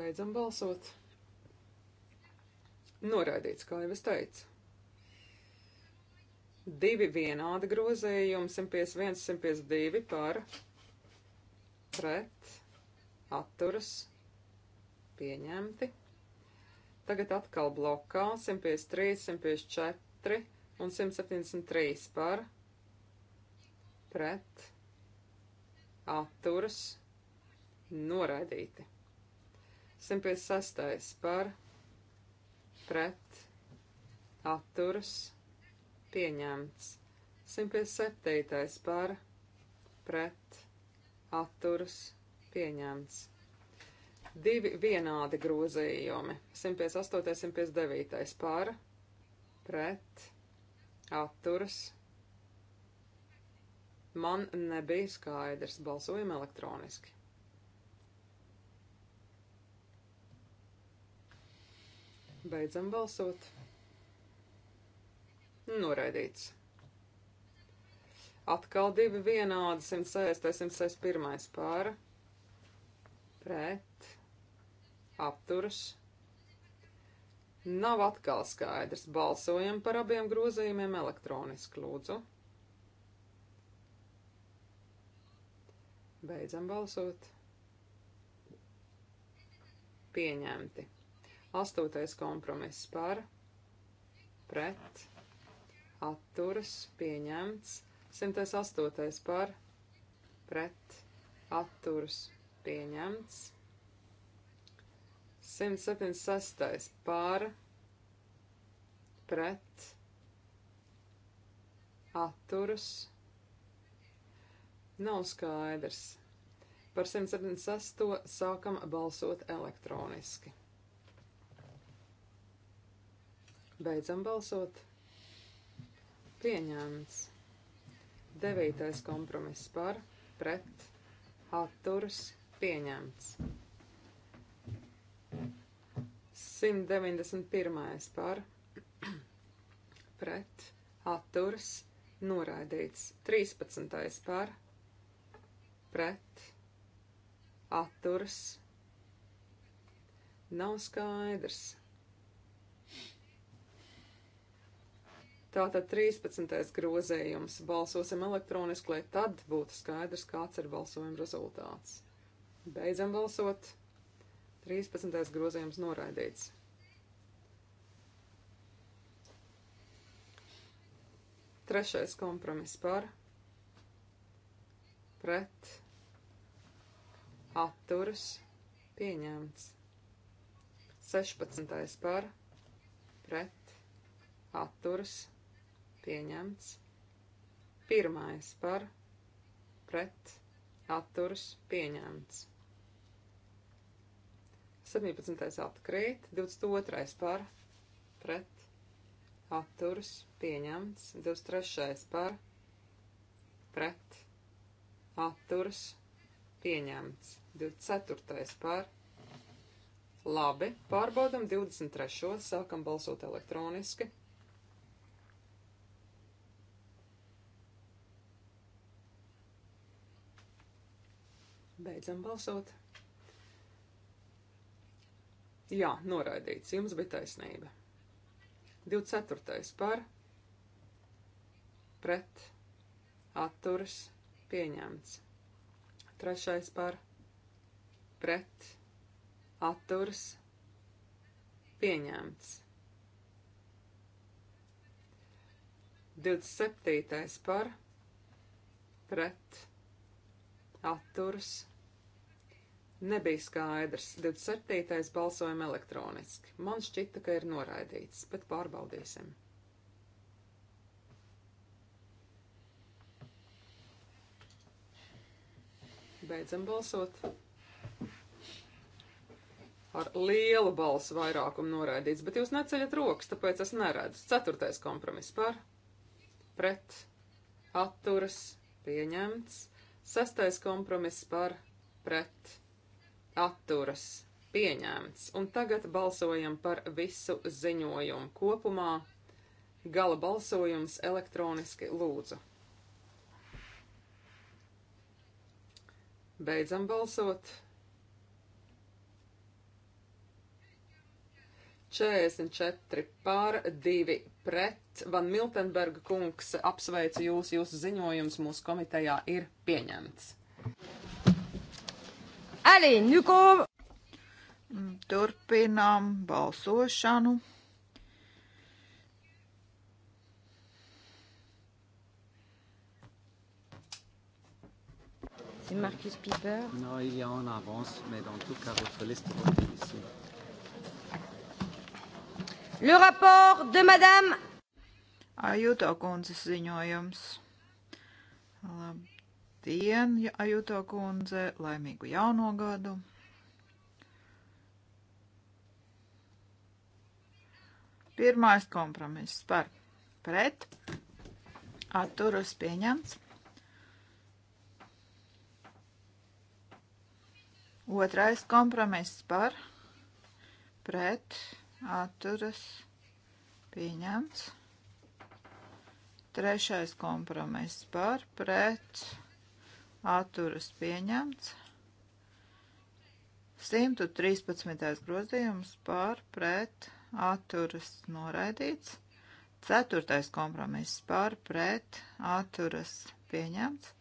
Beidzam balsot. Noraidīts, kā jau es teicu. Divi vienādi grozējumi, 151, 152 par pret atturas pieņemti. Tagad atkal blokā 153, 154 un 173 par pret atturas noraidīti. 156 par pret atturas noraidīti pieņemts. 157. par pret atturas pieņemts. Divi vienādi grozījumi. 158. 159. par pret atturas. Man nebija skaidrs. Balsojam elektroniski. Beidzam balsot. Noraidīts. Atkal divi vienādi 160, 161 pār, pret, apturas. Nav atkal skaidrs. Balsojam par abiem grozījumiem elektroniski lūdzu. Beidzam balsot. Pieņemti. Astotais kompromiss par, pret, atturas pieņemts. 108. par pret atturas pieņemts. 176. par pret atturas nav skaidrs. Par 176. sākam balsot elektroniski. Beidzam balsot pieņemts. Devītais kompromiss par, pret, atturas, pieņemts. 191. par, pret, atturas, noraidīts. 13. par, pret, atturas, nav skaidrs. Tātad 13. grozējums. Balsosim elektroniski, lai tad būtu skaidrs, kāds ir balsojuma rezultāts. Beidzam balsot. 13. grozējums noraidīts. Trešais kompromiss par, pret, atturas, pieņemts. 16. par, pret, atturas, pieņemts. Pirmais par pret atturas pieņemts. 17. atkrīt, 22. par pret atturas pieņemts, 23. par pret atturas pieņemts, 24. par labi, pārbaudam 23. sākam balsot elektroniski. Beidzam balsot. Jā, noraidīts. Jums bija taisnība. 24. par pret atturas pieņemts. Trešais par pret atturas pieņemts. 27. par pret atturas pieņemts nebija skaidrs. 27. balsojam elektroniski. Man šķita, ka ir noraidīts, bet pārbaudīsim. Beidzam balsot. Ar lielu balsu vairākumu noraidīts, bet jūs neceļat rokas, tāpēc es neredzu. Ceturtais kompromiss par, pret, atturas, pieņemts. Sestais kompromiss par, pret, atturas pieņēmts. Un tagad balsojam par visu ziņojumu kopumā. Gala balsojums elektroniski lūdzu. Beidzam balsot. 44 pār 2 pret. Van Miltenberga kungs apsveicu jūs, jūsu ziņojums mūsu komitejā ir pieņemts. Allez, nous kom... Turpinām balsošanu. C'est Marcus Piper. Non, il est en avance, mais dans tout cas, votre liste est ici. Le rapport de Madame Ajuto kundzes ziņojums. Labi. Labdien, Ajuto kundze, laimīgu jauno gadu! Pirmais kompromiss par pret, atturas pieņemts. Otrais kompromiss par pret, atturas pieņemts. Trešais kompromiss par pret, atturas pieņemts atturas pieņemts. 113. grozījums par pret atturas noraidīts. 4. kompromiss par pret atturas pieņemts.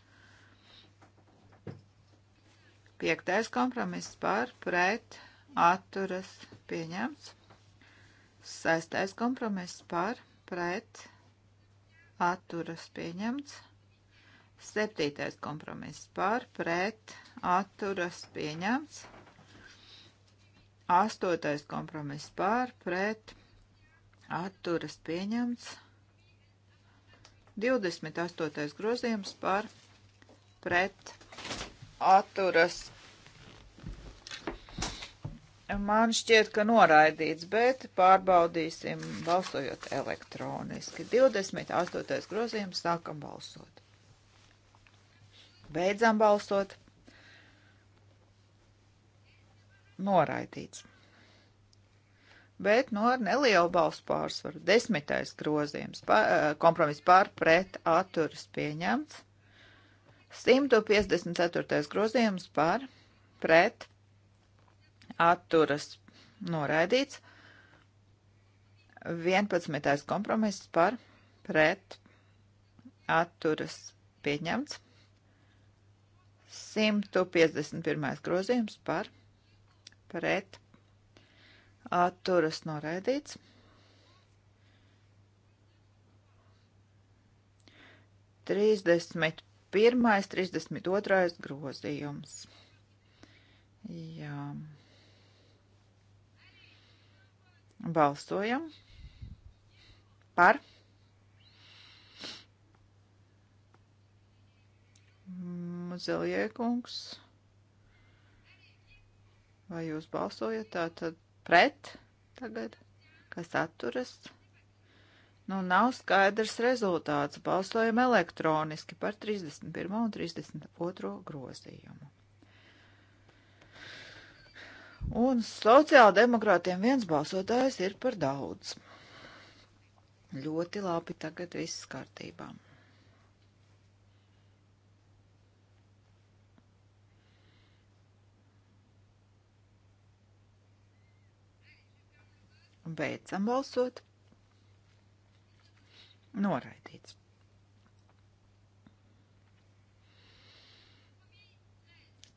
5. kompromiss par pret atturas pieņemts. 6. kompromiss par pret atturas pieņemts. Septītais kompromiss par, pret, atturas pieņemts. Astotais kompromiss par, pret, atturas pieņemts. 28. grozījums par pret atturas. Man šķiet, ka noraidīts, bet pārbaudīsim balsojot elektroniski. 28. grozījums sākam balsot. Beidzam balsot. Noraidīts. Bet no nu, ar nelielu balstu pārsvaru. Desmitais grozījums. Pa, eh, kompromiss pār pret atturas pieņemts. 154. grozījums par pret atturas noraidīts. 11. kompromiss par pret atturas pieņemts. 151. grozījums par pret atturas noraidīts. Trīsdesmit pirmais, trīsdesmit otrais grozījums. Jā. Balsojam par pret un Zeliekungs. Vai jūs balsojat tā tad pret tagad, kas atturas? Nu, nav skaidrs rezultāts. Balsojam elektroniski par 31. un 32. grozījumu. Un sociāldemokrātiem viens balsotājs ir par daudz. Ļoti labi tagad viss kārtībām. Beidzam balsot. Noraidīts.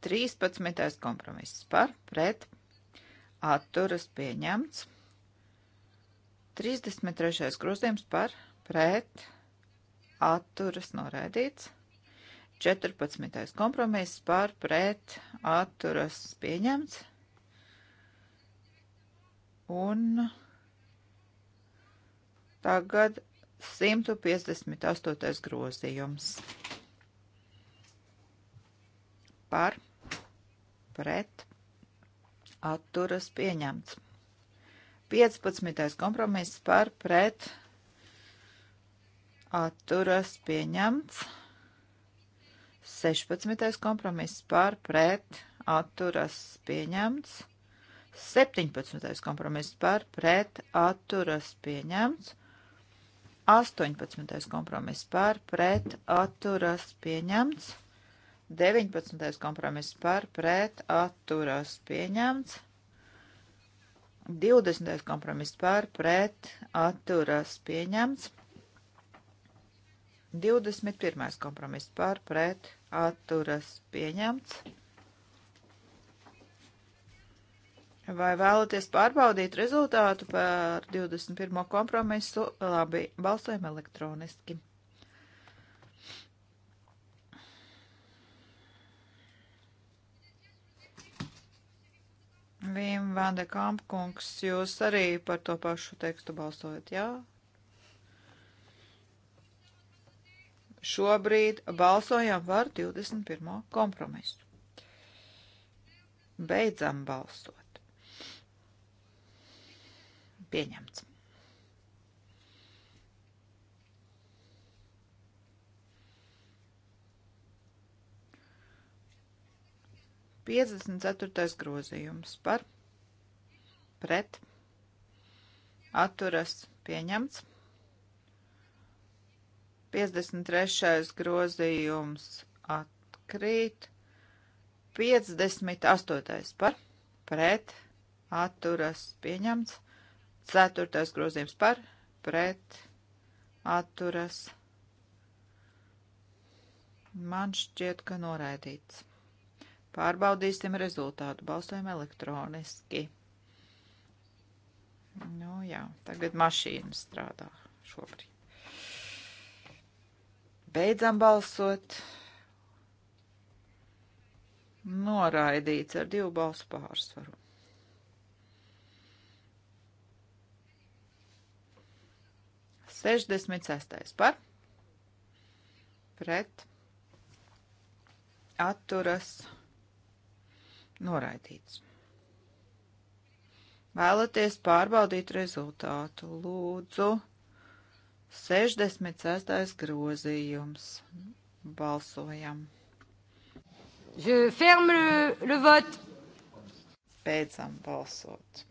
Trīspadsmitais kompromiss par, pret, atturas pieņemts. 33. grozījums par, pret, atturas noraidīts. 14. kompromiss par, pret, atturas pieņemts. Un Tagad 158. grozījums. Par, pret, atturas pieņemts. 15. kompromiss par, pret, atturas pieņemts. 16. kompromiss par, pret, atturas pieņemts. 17. kompromiss par, pret, atturas pieņemts. 18. kompromiss par pret atturas pieņemts. 19. kompromiss par pret atturas pieņemts. 20. kompromiss par pret atturas pieņemts. 21. kompromiss par pret atturas pieņemts. Vai vēlaties pārbaudīt rezultātu par 21. kompromisu? Labi, balsojam elektroniski. Vim Vande Kampkungs, jūs arī par to pašu tekstu balsojat, jā? Šobrīd balsojam par 21. kompromisu. Beidzam balsot. Pieņemts. Piecdesmit ceturtais grozījums par pret atturas pieņemts. 53. grozījums atkrīt. 58. par pret atturas pieņemts. Ceturtais grozījums par pret atturas. Man šķiet, ka noraidīts. Pārbaudīsim rezultātu. Balsojam elektroniski. Nu jā, tagad mašīna strādā šobrīd. Beidzam balsot. Noraidīts ar divu balsu pārsvaru. 66. par pret atturas noraidīts. Vēlaties pārbaudīt rezultātu? Lūdzu, 66. grozījums. Balsojam. Je ferme le, le vote. Beidzam balsot.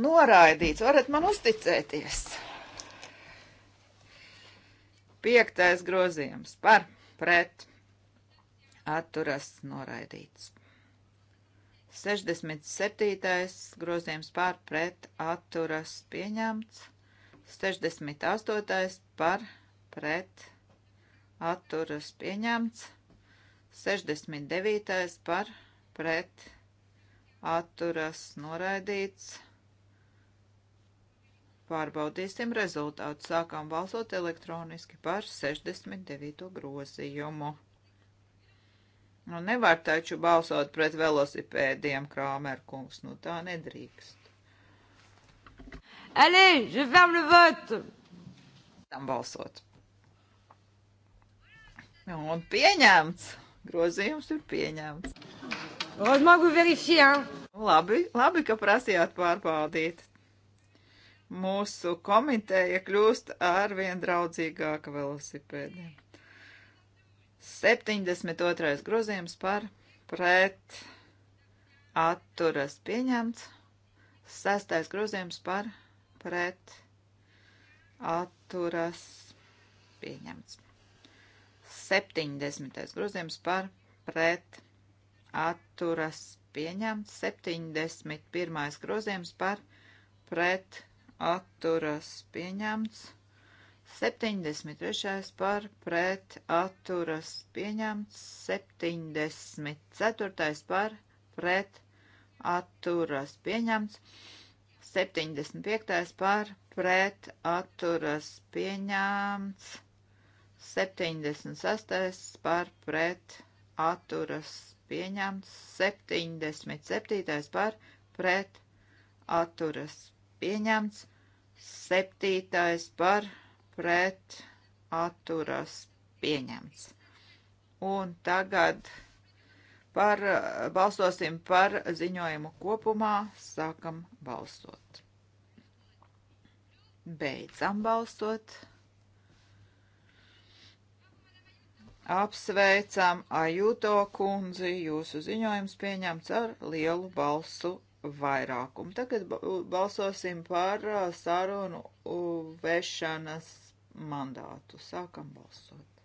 noraidīts. Varat man uzticēties. Piektais grozījums par pret atturas noraidīts. 67. grozījums par pret atturas pieņemts. 68. par pret atturas pieņemts. 69. par pret atturas noraidīts. Pārbaudīsim rezultātu. Sākām balsot elektroniski par 69. grozījumu. Nu, nevar taču balsot pret velosipēdiem, Krāmerkungs, nu tā nedrīkst. Allez, je ferme le vote! Tam balsot. Nu, un pieņemts. Grozījums ir pieņemts. Heureusement, vous vérifiez, hein? Labi, labi, ka prasījāt pārbaudīt mūsu komiteja kļūst arvien draudzīgāka velosipēdiem. 72. grozījums par pret atturas pieņemts. 6. grozījums par pret atturas pieņemts. 70. grozījums par pret atturas pieņemts. 71. grozījums par pret atturas pieņemts. 73. par pret atturas pieņemts. 74. par pret atturas pieņemts. 75. par pret atturas pieņemts. 76. par pret atturas pieņemts. 77. par pret atturas pieņemts. Septītais par pret atturas pieņemts. Un tagad par, balsosim par ziņojumu kopumā. Sākam balsot. Beidzam balsot. Apsveicam Ajuto kundzi, jūsu ziņojums pieņemts ar lielu balsu vairākumu. Tagad balsosim par uh, sarunu vešanas mandātu. Sākam balsot.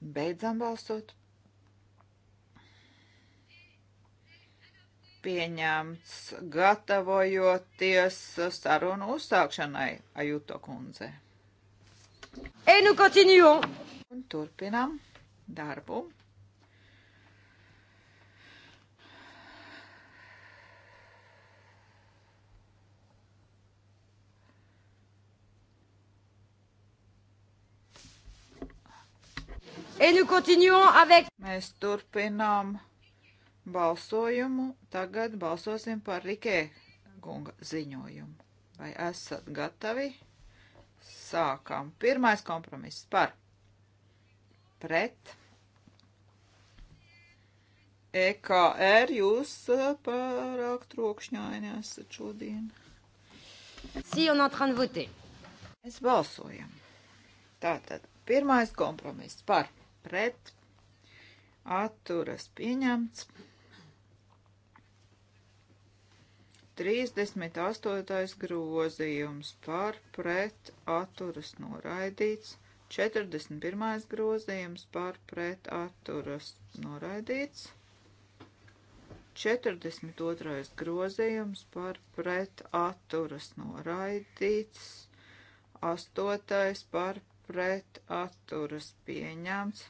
Beidzam balsot. Pieņemts, gatavojoties sarunu uzsākšanai, Ajuto kundze. Et nous continuons. Un turpinam darbu. Et nous continuons avec... Mēs turpinām balsojumu. Tagad balsosim par Rikē kunga ziņojumu. Vai esat gatavi? Sākam. Pirmais kompromiss par pret. EKR jūs eh, pārāk trokšņaini esat šodien. Si on en train de voter. Mēs balsojam. Tātad, pirmais kompromiss par pret atturas pieņemts. 38. grozījums par pret atturas noraidīts, 41. grozījums par pret atturas noraidīts, 42. grozījums par pret atturas noraidīts, 8. par pret atturas pieņemts,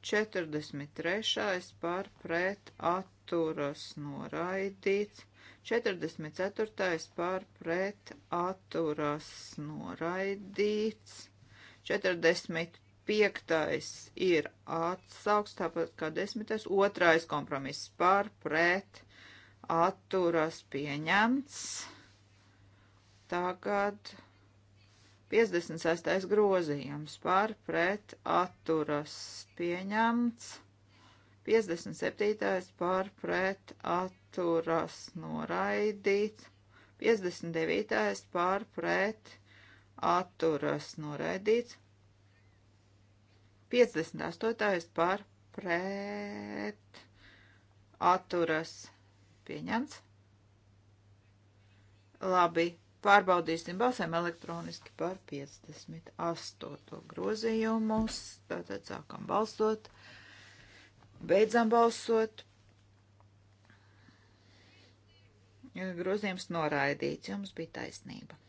43. par pret atturas noraidīts, 44. par pret atturas noraidīts, 45. ir atsaugs, tāpat kā 10. otrais kompromiss par pret atturas pieņemts. Tagad 56. grozījums par pret atturas pieņemts. 57. par pret atturas noraidīts. 59. par pret atturas noraidīts. 58. par pret atturas pieņemts. Labi, Pārbaudīsim balsēm elektroniski par 58. grozījumus. Tātad sākam balsot. Beidzam balsot. Grozījums noraidīts. Jums bija taisnība.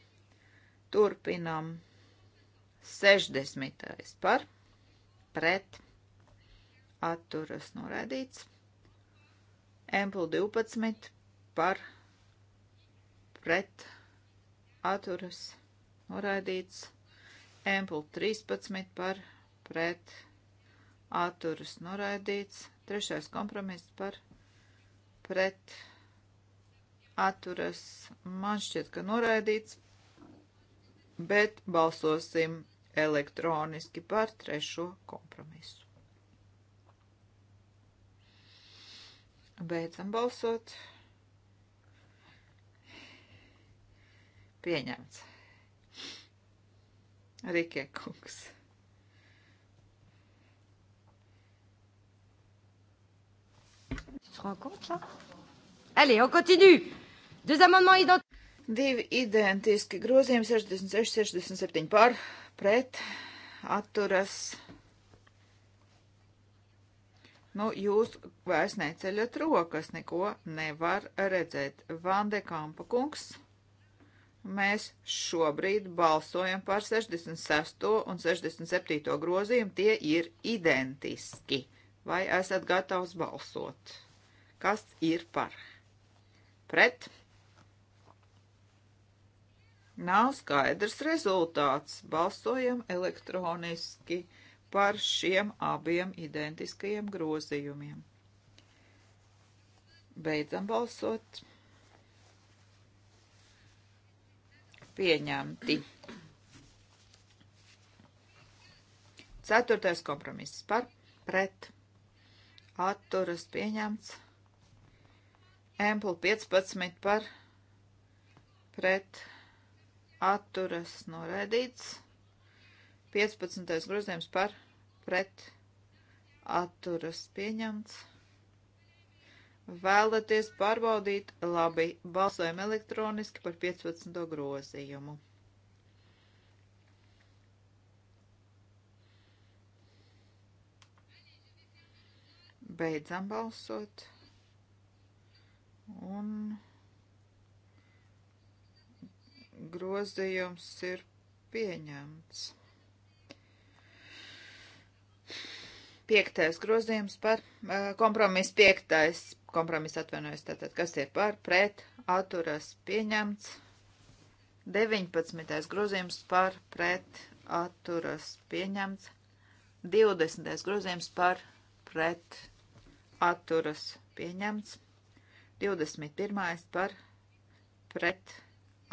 Turpinam. 60. par pret atturas noraidīts. Empul 12 par pret atturas atturas noraidīts. Empul 13 par pret atturas noraidīts. Trešais kompromiss par pret atturas man šķiet, ka noraidīts, bet balsosim elektroniski par trešo kompromisu. Beidzam balsot. Pieņemts. Rikē kungs. Tu te rends compte, là Allez, on continue Deux amendements identiques. Divi identiski grozījumi 66, 67 par, pret, atturas. Nu, jūs vairs neceļat rokas, neko nevar redzēt. Vande Kampa kungs mēs šobrīd balsojam par 66. un 67. grozījumu. Tie ir identiski. Vai esat gatavs balsot? Kas ir par? Pret? Nav skaidrs rezultāts. Balsojam elektroniski par šiem abiem identiskajiem grozījumiem. Beidzam balsot. pieņemti. Ceturtais kompromiss par pret atturas pieņemts. Emplu 15 par pret atturas noraidīts. 15. grozījums par pret atturas pieņemts. Vēlaties pārbaudīt? Labi, balsojam elektroniski par 15. grozījumu. Beidzam balsot. Un grozījums ir pieņemts. Piektais grozījums par eh, kompromisu piektais kompromiss atvainojas. Tātad, kas ir par, pret, atturas pieņemts. 19. grozījums par, pret, atturas pieņemts. 20. grozījums par, pret, atturas pieņemts. 21. par, pret,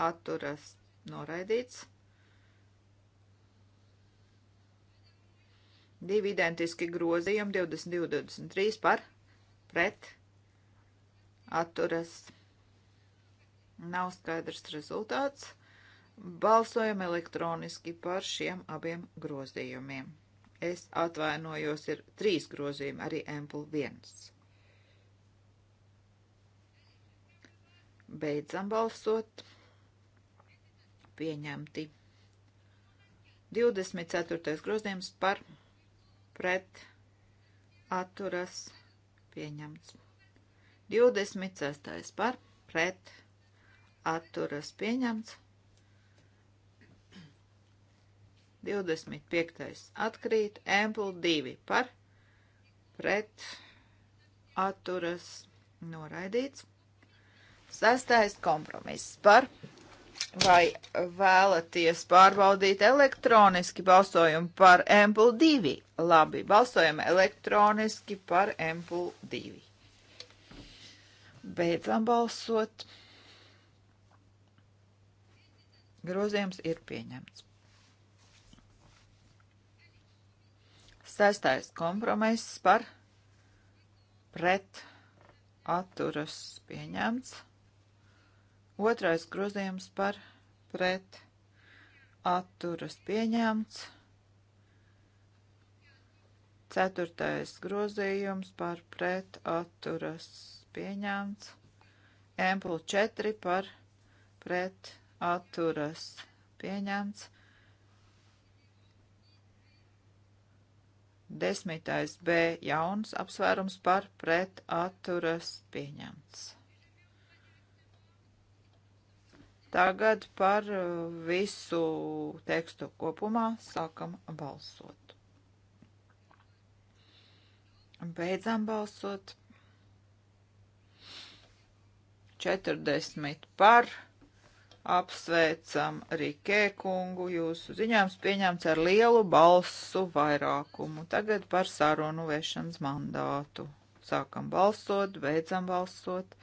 atturas noraidīts. Divi identiski grozījumi 22, 23 par, pret, atturas atturas. Nav skaidrs rezultāts. Balsojam elektroniski par šiem abiem grozījumiem. Es atvainojos, ir trīs grozījumi, arī ampul viens. Beidzam balsot. Pieņemti. 24. grozījums par pret atturas pieņemts. 26. par pret atturas pieņemts. 25. atkrīt. Ample 2 par pret atturas noraidīts. 6. kompromiss par vai vēlaties pārbaudīt elektroniski balsojumu par Ample 2. Labi, balsojam elektroniski par Ample 2. Beidzam balsot. Grozījums ir pieņemts. Sestais kompromiss par pret atturas pieņemts. Otrais grozījums par pret atturas pieņemts. Ceturtais grozījums par pret atturas pieņemts. Empul 4 par pret atturas pieņemts. Desmitais B jauns apsvērums par pret atturas pieņemts. Tagad par uh, visu tekstu kopumā sākam balsot. Beidzam balsot. 40 par. Apsveicam Rikē kungu, jūsu ziņojums pieņemts ar lielu balsu vairākumu. Tagad par sarunu vešanas mandātu. Sākam balsot, beidzam balsot.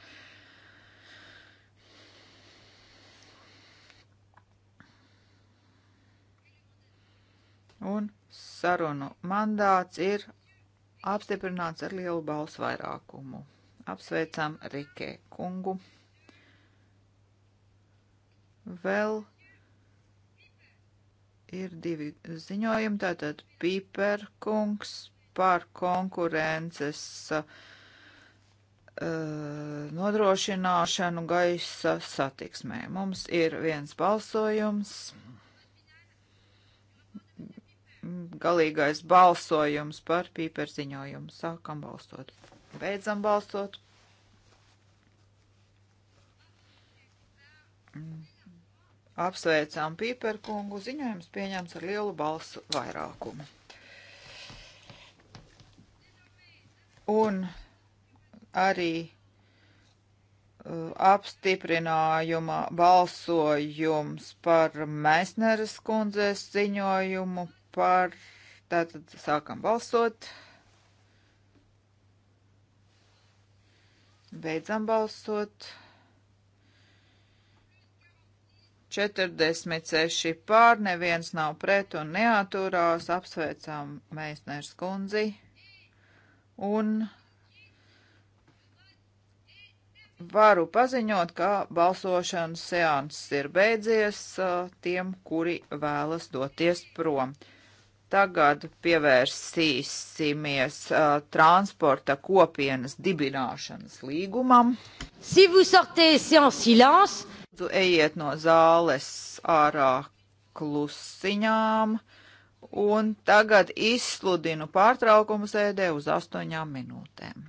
Un sarunu mandāts ir apstiprināts ar lielu balsu vairākumu. Apsveicam Rikē kungu. Vēl ir divi ziņojumi, tātad Piperkungs par konkurences uh, nodrošināšanu gaisa satiksmē. Mums ir viens balsojums galīgais balsojums par pīperziņojumu. Sākam balsot. Beidzam balsot. Apsveicām Pīperkungu. Ziņojums pieņemts ar lielu balsu vairākumu. Un arī uh, apstiprinājuma balsojums par Mēsneres kundzes ziņojumu par... Tātad sākam balsot. Beidzam balsot. 46 pār, neviens nav pret un neaturās. Apsveicam Meisners kundzi. Un varu paziņot, ka balsošanas seanss ir beidzies uh, tiem, kuri vēlas doties prom. Tagad pievērsīsimies uh, transporta kopienas dibināšanas līgumam. Si vous sortez sans silence, ejiet no zāles ārā klusiņām, un tagad izsludinu pārtraukumu sēdē uz astoņām minūtēm.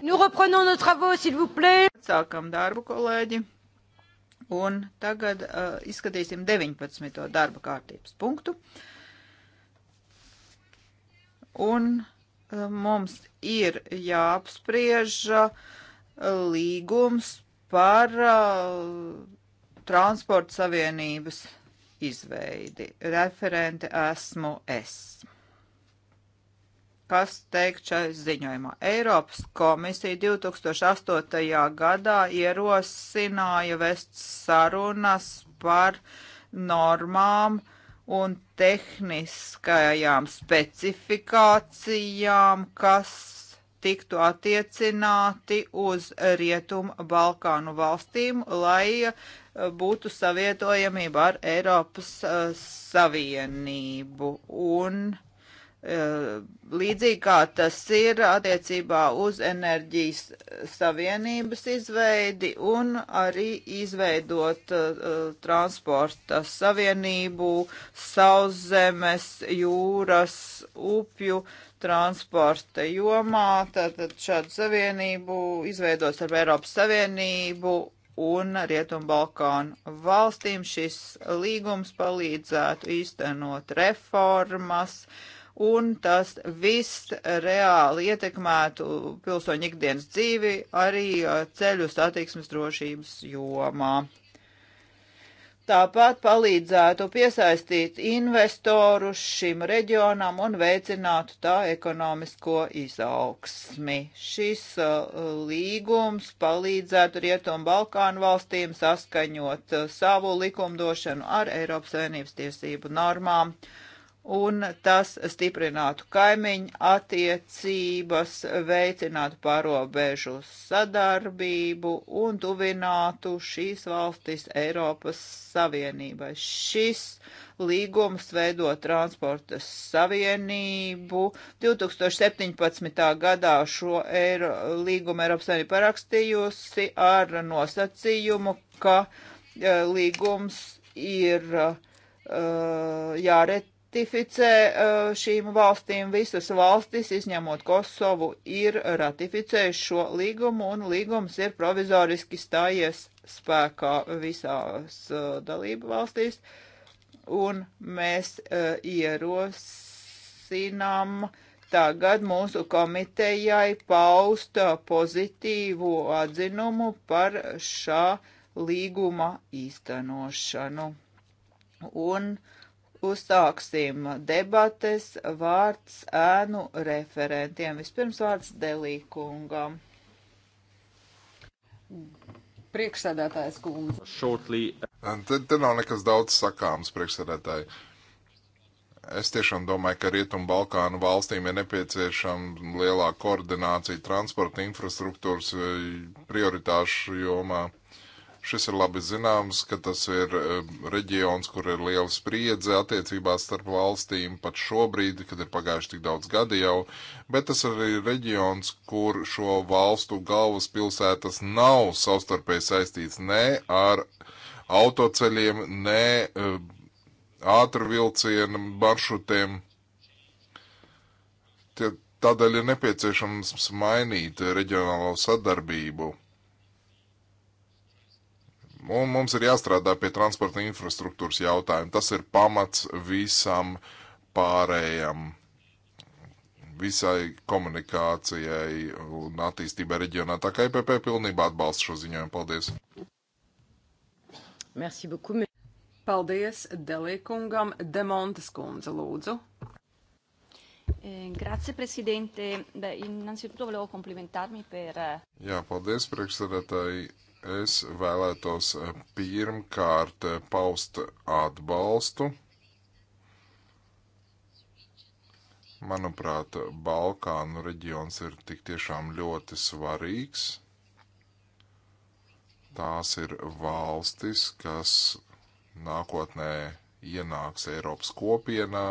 Nous reprenons nos travaux, s'il vous plaît. Sākam darbu, kolēģi. Un tagad uh, izskatīsim 19. darba kārtības punktu. Un uh, mums ir jāapspriež uh, līgums par uh, transporta savienības izveidi. Referente esmu es kas teikt šai ziņojumā. Eiropas komisija 2008. gadā ierosināja vest sarunas par normām un tehniskajām specifikācijām, kas tiktu attiecināti uz Rietumu Balkānu valstīm, lai eh, būtu savietojamība ar Eiropas uh, Savienību. Un uh, Eh, līdzīgi kā tas ir attiecībā uz enerģijas savienības izveidi un arī izveidot uh, transporta savienību, sauszemes, jūras, upju transporta jomā, tātad šādu savienību izveidot ar Eiropas Savienību un Rietumbalkānu valstīm. Šis līgums palīdzētu īstenot reformas, uh, un tas viss reāli ietekmētu pilsoņu ikdienas dzīvi arī uh, ceļu satiksmes drošības jomā. Tāpat palīdzētu piesaistīt investorus šim reģionam un veicinātu tā ekonomisko izaugsmi. Šis uh, līgums palīdzētu Rietumu Balkānu valstīm saskaņot uh, savu likumdošanu ar Eiropas Savienības tiesību normām. Uh, un tas stiprinātu kaimiņu attiecības, veicinātu pārobežu sadarbību un tuvinātu šīs valstis Eiropas Savienībai. Šis līgums veido transporta savienību. 2017. gadā šo Eiro, līgumu Eiropas Savienība parakstījusi ar nosacījumu, ka eh, līgums ir uh, jāret ratificē eh, šīm valstīm. Visas valstis, izņemot Kosovu, ir ratificējuši šo līgumu, un līgums ir provizoriski stājies spēkā visās eh, dalību valstīs. Un mēs eh, ierosinām tagad mūsu komitejai paust pozitīvu atzinumu par šā līguma īstenošanu. Un uh, Uzsāksim debates vārds ēnu referentiem. Vispirms vārds Delīkungam. Priekšsēdētājs kundze. Shortly. Te, te nav nekas daudz sakāms, priekšsēdētāji. Es tiešām domāju, ka Rietumu Balkānu valstīm ir nepieciešama lielāka koordinācija transporta infrastruktūras eh, prioritāšu jomā. Jo Šis ir labi zināms, ka tas ir reģions, kur ir liela spriedze attiecībās starp valstīm pat šobrīd, kad ir pagājuši tik daudz gadi jau, bet tas arī ir reģions, kur šo valstu galvaspilsētas nav savstarpēji saistīts ne ar autoceļiem, ne ātrvilcienu maršrutiem. Tādēļ ir nepieciešams mainīt reģionālo sadarbību Un mums ir jāstrādā pie transporta infrastruktūras jautājuma. Tas ir pamats visam pārējam, visai komunikācijai un attīstībai reģionā. Tā kā IPP e pilnībā atbalsta šo ziņojumu. Paldies! Merci beaucoup. Paldies Delīkungam, Demontes kundze, lūdzu. Eh, grazie Presidente. Beh, innanzitutto volevo complimentarmi per. Eh, Jā, paldies priekšsēdētāji es vēlētos eh, pirmkārt eh, paust atbalstu. Manuprāt, Balkānu reģions ir tik tiešām ļoti svarīgs. Tās ir valstis, kas nākotnē ienāks Eiropas kopienā,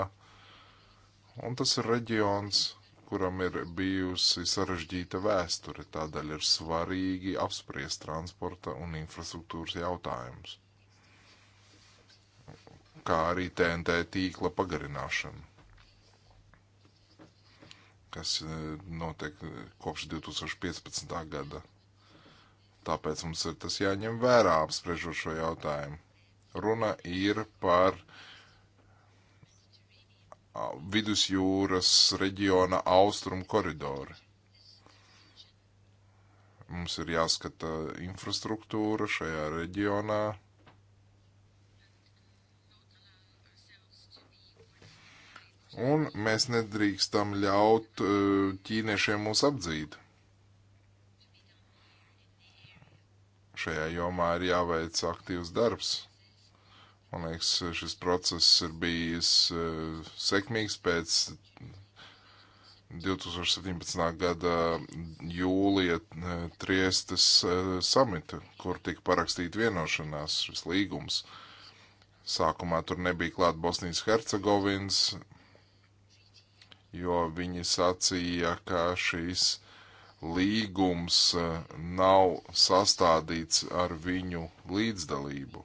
un tas ir reģions, kuram ir bijusi sarežģīta vēsture, tādēļ ir svarīgi apspriest transporta un infrastruktūras jautājumus, kā arī TNT tīkla pagarināšanu, kas e, notiek kopš 2015. gada. Tāpēc mums ir tas jāņem vērā apspriežot šo jautājumu. Runa ir par uh, vidusjūras reģiona austrumu koridori. Mums ir jāskata infrastruktūra šajā reģionā. Un mēs nedrīkstam ļaut ķīniešiem mūs apdzīt. Šajā jomā ir jāveic aktīvs darbs. Man liekas, šis process ir bijis uh, sekmīgs pēc 2017. gada jūlija uh, Triestes uh, samita, kur tika parakstīta vienošanās šis līgums. Sākumā tur nebija klāt Bosnijas Hercegovins, jo viņi sacīja, ka šīs līgums nav sastādīts ar viņu līdzdalību.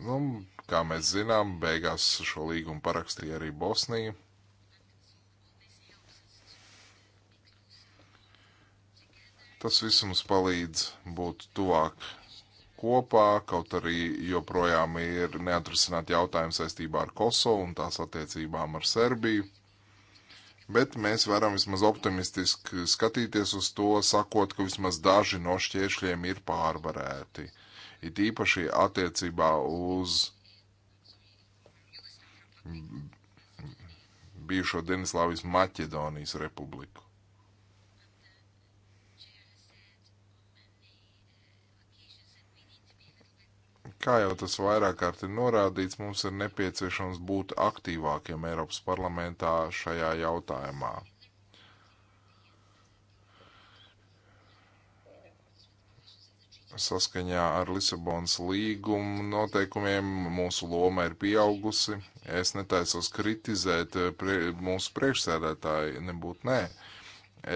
Nu, kā mēs zinām, beigās šo līgumu parakstīja arī Bosnija. Tas viss mums palīdz būt tuvāk kopā, kaut arī joprojām ir neatrisināt jautājumu saistībā ar Kosovu un tās attiecībām ar Serbiju. Bet mēs varam vismaz optimistiski skatīties uz to, sakot, ka vismaz daži no šķēršļiem ir pārvarēti it īpaši attiecībā uz bijušo Denislāvijas Maķedonijas republiku. Kā jau tas vairāk kārt ir norādīts, mums ir nepieciešams būt aktīvākiem Eiropas parlamentā šajā jautājumā. saskaņā ar Lisabonas līgumu noteikumiem mūsu loma ir pieaugusi. Es netaisos kritizēt eh, prie, mūsu priekšsēdētāju, nebūtu nē.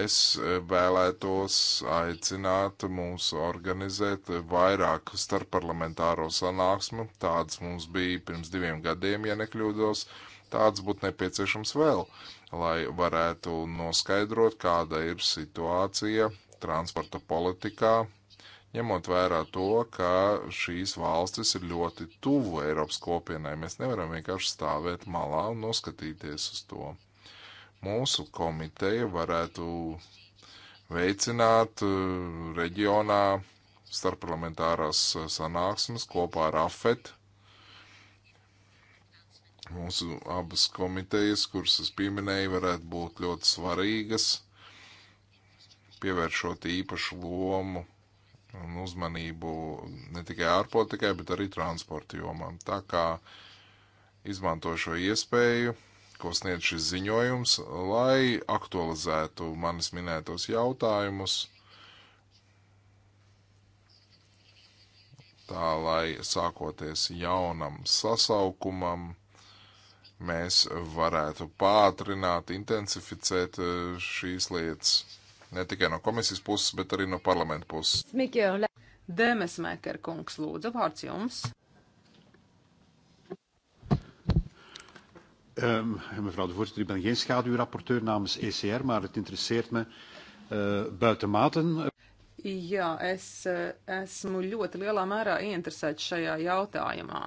Es eh, vēlētos aicināt mūs organizēt vairāk starpparlamentāro sanāksmu. Tāds mums bija pirms diviem gadiem, ja nekļūdos. Tāds būtu nepieciešams vēl, lai varētu noskaidrot, kāda ir situācija transporta politikā, ņemot vērā to, ka šīs valstis ir ļoti tuvu Eiropas kopienai. Mēs nevaram vienkārši stāvēt malā un noskatīties uz to. Mūsu komiteja varētu veicināt uh, reģionā starpparlamentārās uh, sanāksmes kopā ar AFET. Mūsu abas komitejas, kuras es pieminēju, varētu būt ļoti svarīgas, pievēršot īpašu lomu un uzmanību ne tikai ārpolitikai, bet arī transporta jomām. Tā kā izmantoju šo iespēju, ko sniedz šis ziņojums, lai aktualizētu manis minētos jautājumus, tā lai sākoties jaunam sasaukumam, mēs varētu pātrināt, intensificēt eh, šīs lietas ne tikai no komisijas puses, bet arī no parlamenta puses. Dēmes Meker kungs, lūdzu, vārds jums. Um, mevrouw de voorzitter, ik ben geen schaduwrapporteur namens ECR, maar het interesseert me uh, eh, buitenmate. Jā, es eh, esmu ļoti lielā mērā ieinteresēts šajā jautājumā.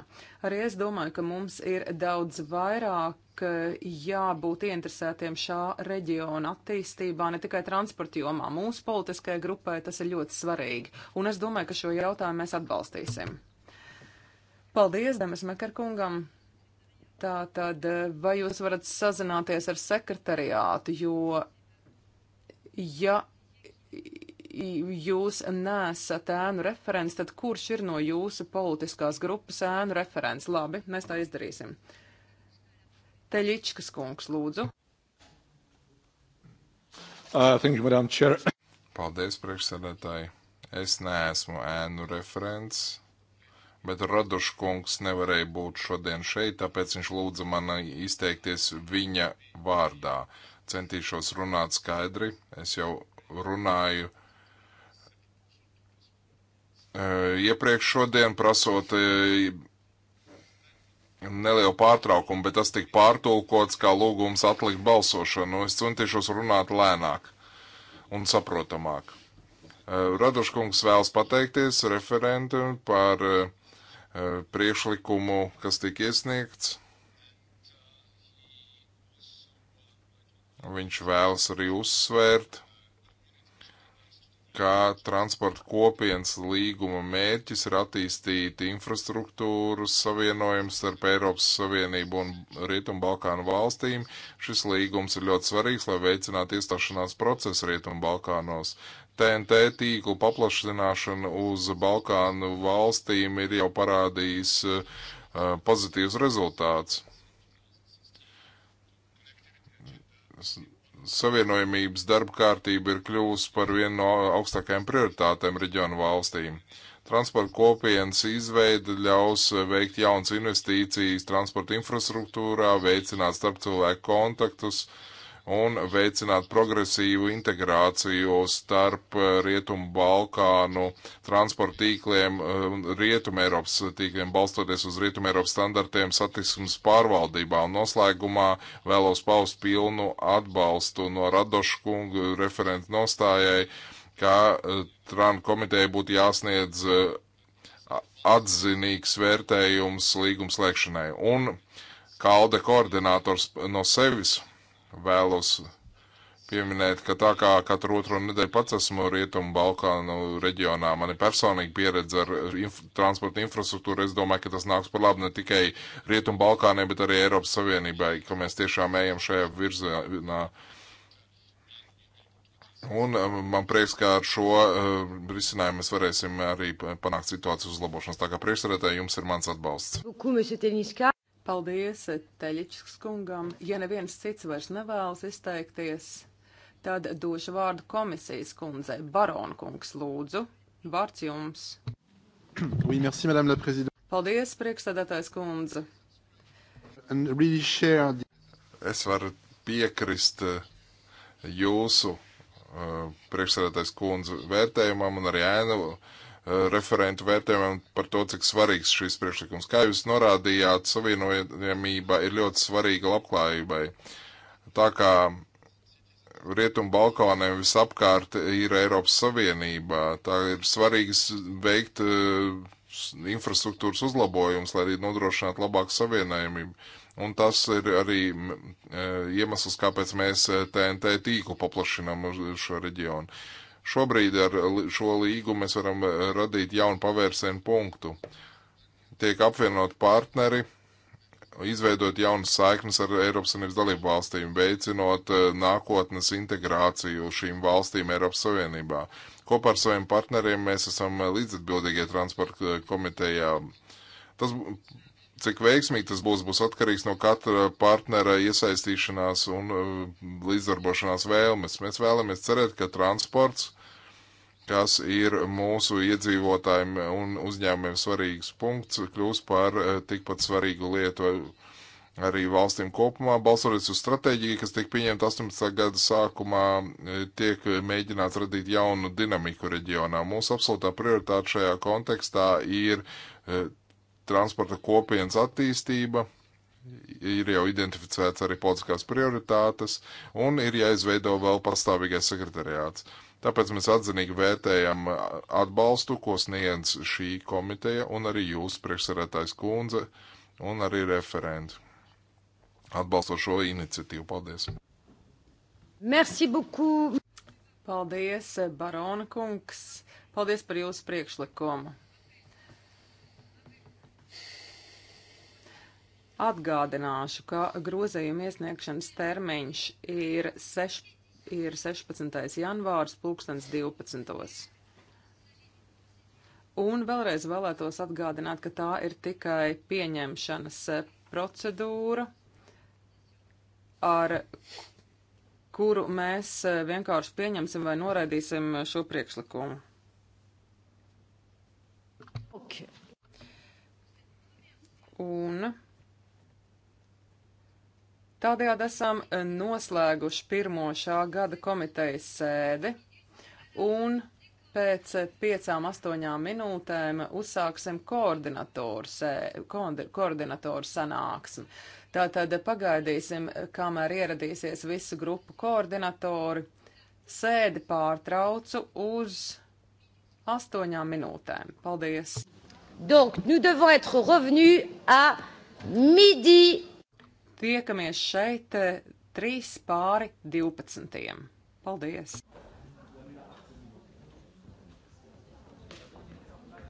Arī es domāju, ka mums ir daudz vairāk jābūt interesētiem šā reģiona attīstībā, ne tikai transporta jomā. Mūsu politiskajai grupai tas ir ļoti svarīgi, un es domāju, ka šo jautājumu mēs atbalstīsim. Paldies Demis Mekarkungam! Tā tad, vai jūs varat sazināties ar sekretariātu, jo, ja jūs nesat ēnu referents, tad kurš ir no jūsu politiskās grupas ēnu referents? Labi, mēs tā izdarīsim. Uh, Teļičkas kungs, lūdzu. Uh, thank you, Madam Chair. Paldies, priekšsēdētāji. Es neesmu ēnu referents, bet Radušs kungs nevarēja būt šodien šeit, tāpēc viņš lūdza man izteikties viņa vārdā. Centīšos runāt skaidri. Es jau runāju uh, iepriekš šodien, prasot uh, nelielu pārtraukumu, bet tas tika pārtulkots kā lūgums atlikt balsošanu. Nu, es centīšos runāt lēnāk un saprotamāk. Eh, Radoškungs vēlas pateikties referentu par eh, priekšlikumu, kas tika iesniegts. Viņš vēlas arī uzsvērt ka transporta kopienas līguma mērķis ir attīstīt infrastruktūras savienojumu starp Eiropas Savienību un Rietumbalkānu valstīm. Šis līgums ir ļoti svarīgs, lai veicinātu iestāšanās procesu Rietumbalkānos. TNT tīklu paplašināšana uz Balkānu valstīm ir jau parādījis uh, pozitīvs rezultāts savienojumības darba kārtība ir kļuvusi par vienu no augstākajām prioritātēm reģionu valstīm. Transporta kopienas izveida ļaus veikt jaunas investīcijas transporta infrastruktūrā, veicināt starp cilvēku kontaktus, uh, un veicināt progresīvu integrāciju starp eh, Rietumu Balkānu transporta tīkliem eh, un Rietumu Eiropas tīkliem, balstoties uz Rietumu Eiropas standartiem satiksmes pārvaldībā. Un noslēgumā vēlos paust pilnu atbalstu no Radošu kungu referentu nostājai, ka eh, Tran komiteja būtu jāsniedz atzinīgs vērtējums līgumslēgšanai. Un Kalde koordinators no sevis vēlos pieminēt, ka tā kā katru otro nedēļu pats esmu Rietumu Balkānu reģionā, man ir personīga pieredze ar inf transporta infrastruktūru, es domāju, ka tas nāks par labu ne tikai Rietumu Balkāniem, bet arī Eiropas Savienībai, ka mēs tiešām ejam šajā virzienā. Un um, man prieks, ka ar šo uh, risinājumu mēs varēsim arī panākt situācijas uzlabošanas. Tā kā priekšsēdētāji, jums ir mans atbalsts. Paldies Teļičs kungam. Ja neviens cits vairs nevēlas izteikties, tad došu vārdu komisijas kundzei. Barona kungs, lūdzu, vārds jums. Oui, merci, madame la présidente. Paldies, priekšsēdētājs kundze. Really share... Es varu piekrist eh, jūsu eh, priekšsēdētājs kundze vērtējumam un arī ēnu Eh, referentu vērtējumiem par to, cik svarīgs šis priekšlikums. Kā jūs norādījāt, savienojamība ir ļoti svarīga labklājībai. Tā kā rietumu Balkāniem visapkārt ir Eiropas Savienība, tā ir svarīgi veikt eh, infrastruktūras uzlabojums, lai arī nodrošinātu labāku savienojamību. Un tas ir arī eh, iemesls, kāpēc mēs TNT tīklu paplašinām uz šo reģionu. Šobrīd ar šo līgumu mēs varam eh, radīt jaunu pavērsienu punktu. Tiek apvienot partneri, izveidot jaunas saiknes ar Eiropas Savienības dalību valstīm, veicinot eh, nākotnes integrāciju šīm valstīm Eiropas Savienībā. Kopā ar saviem partneriem mēs esam eh, līdzatbildīgie transporta komitejā. Tas, cik veiksmīgi tas būs, būs atkarīgs no katra partnera iesaistīšanās un līdzdarbošanās vēlmes. Mēs vēlamies cerēt, ka transports kas ir mūsu iedzīvotājiem un uzņēmumiem svarīgs punkts, kļūs par eh, tikpat svarīgu lietu arī valstīm kopumā. Balsoties uz stratēģiju, kas tika pieņemta 18. gada sākumā, eh, tiek mēģināts radīt jaunu dinamiku reģionā. Mūsu absolūtā prioritāte šajā kontekstā ir eh, transporta kopienas attīstība, ir jau identificēts arī politiskās prioritātes un ir jāizveido vēl pastāvīgais sekretariāts. Tāpēc mēs atzinīgi vērtējam uh, atbalstu, ko sniedz šī komiteja un arī jūs, priekšsarētājs kundze, un arī referenti. Atbalstot šo iniciatīvu. Paldies! Merci beaucoup! Paldies, Barona kungs! Paldies par jūsu priekšlikumu! Atgādināšu, ka grozējuma iesniegšanas termiņš ir 16 ir 16. janvārs, pulkstens 12. Un vēlreiz vēlētos atgādināt, ka tā ir tikai pieņemšanas eh, procedūra, ar kuru mēs eh, vienkārši pieņemsim vai noraidīsim šo priekšlikumu. Okay. Un Tādējādi esam e, noslēguši pirmo šā gada komitejas sēdi un pēc e, piecām, astoņām minūtēm uzsāksim koordinatoru, sē, koordinatoru sanāksmi. Tātad pagaidīsim, e, kamēr ieradīsies visu grupu koordinatori. Sēdi pārtraucu uz astoņām minūtēm. Paldies! Donc, nous devons être revenus à midi Tiekamies šeit eh, trīs pāri 12. Paldies!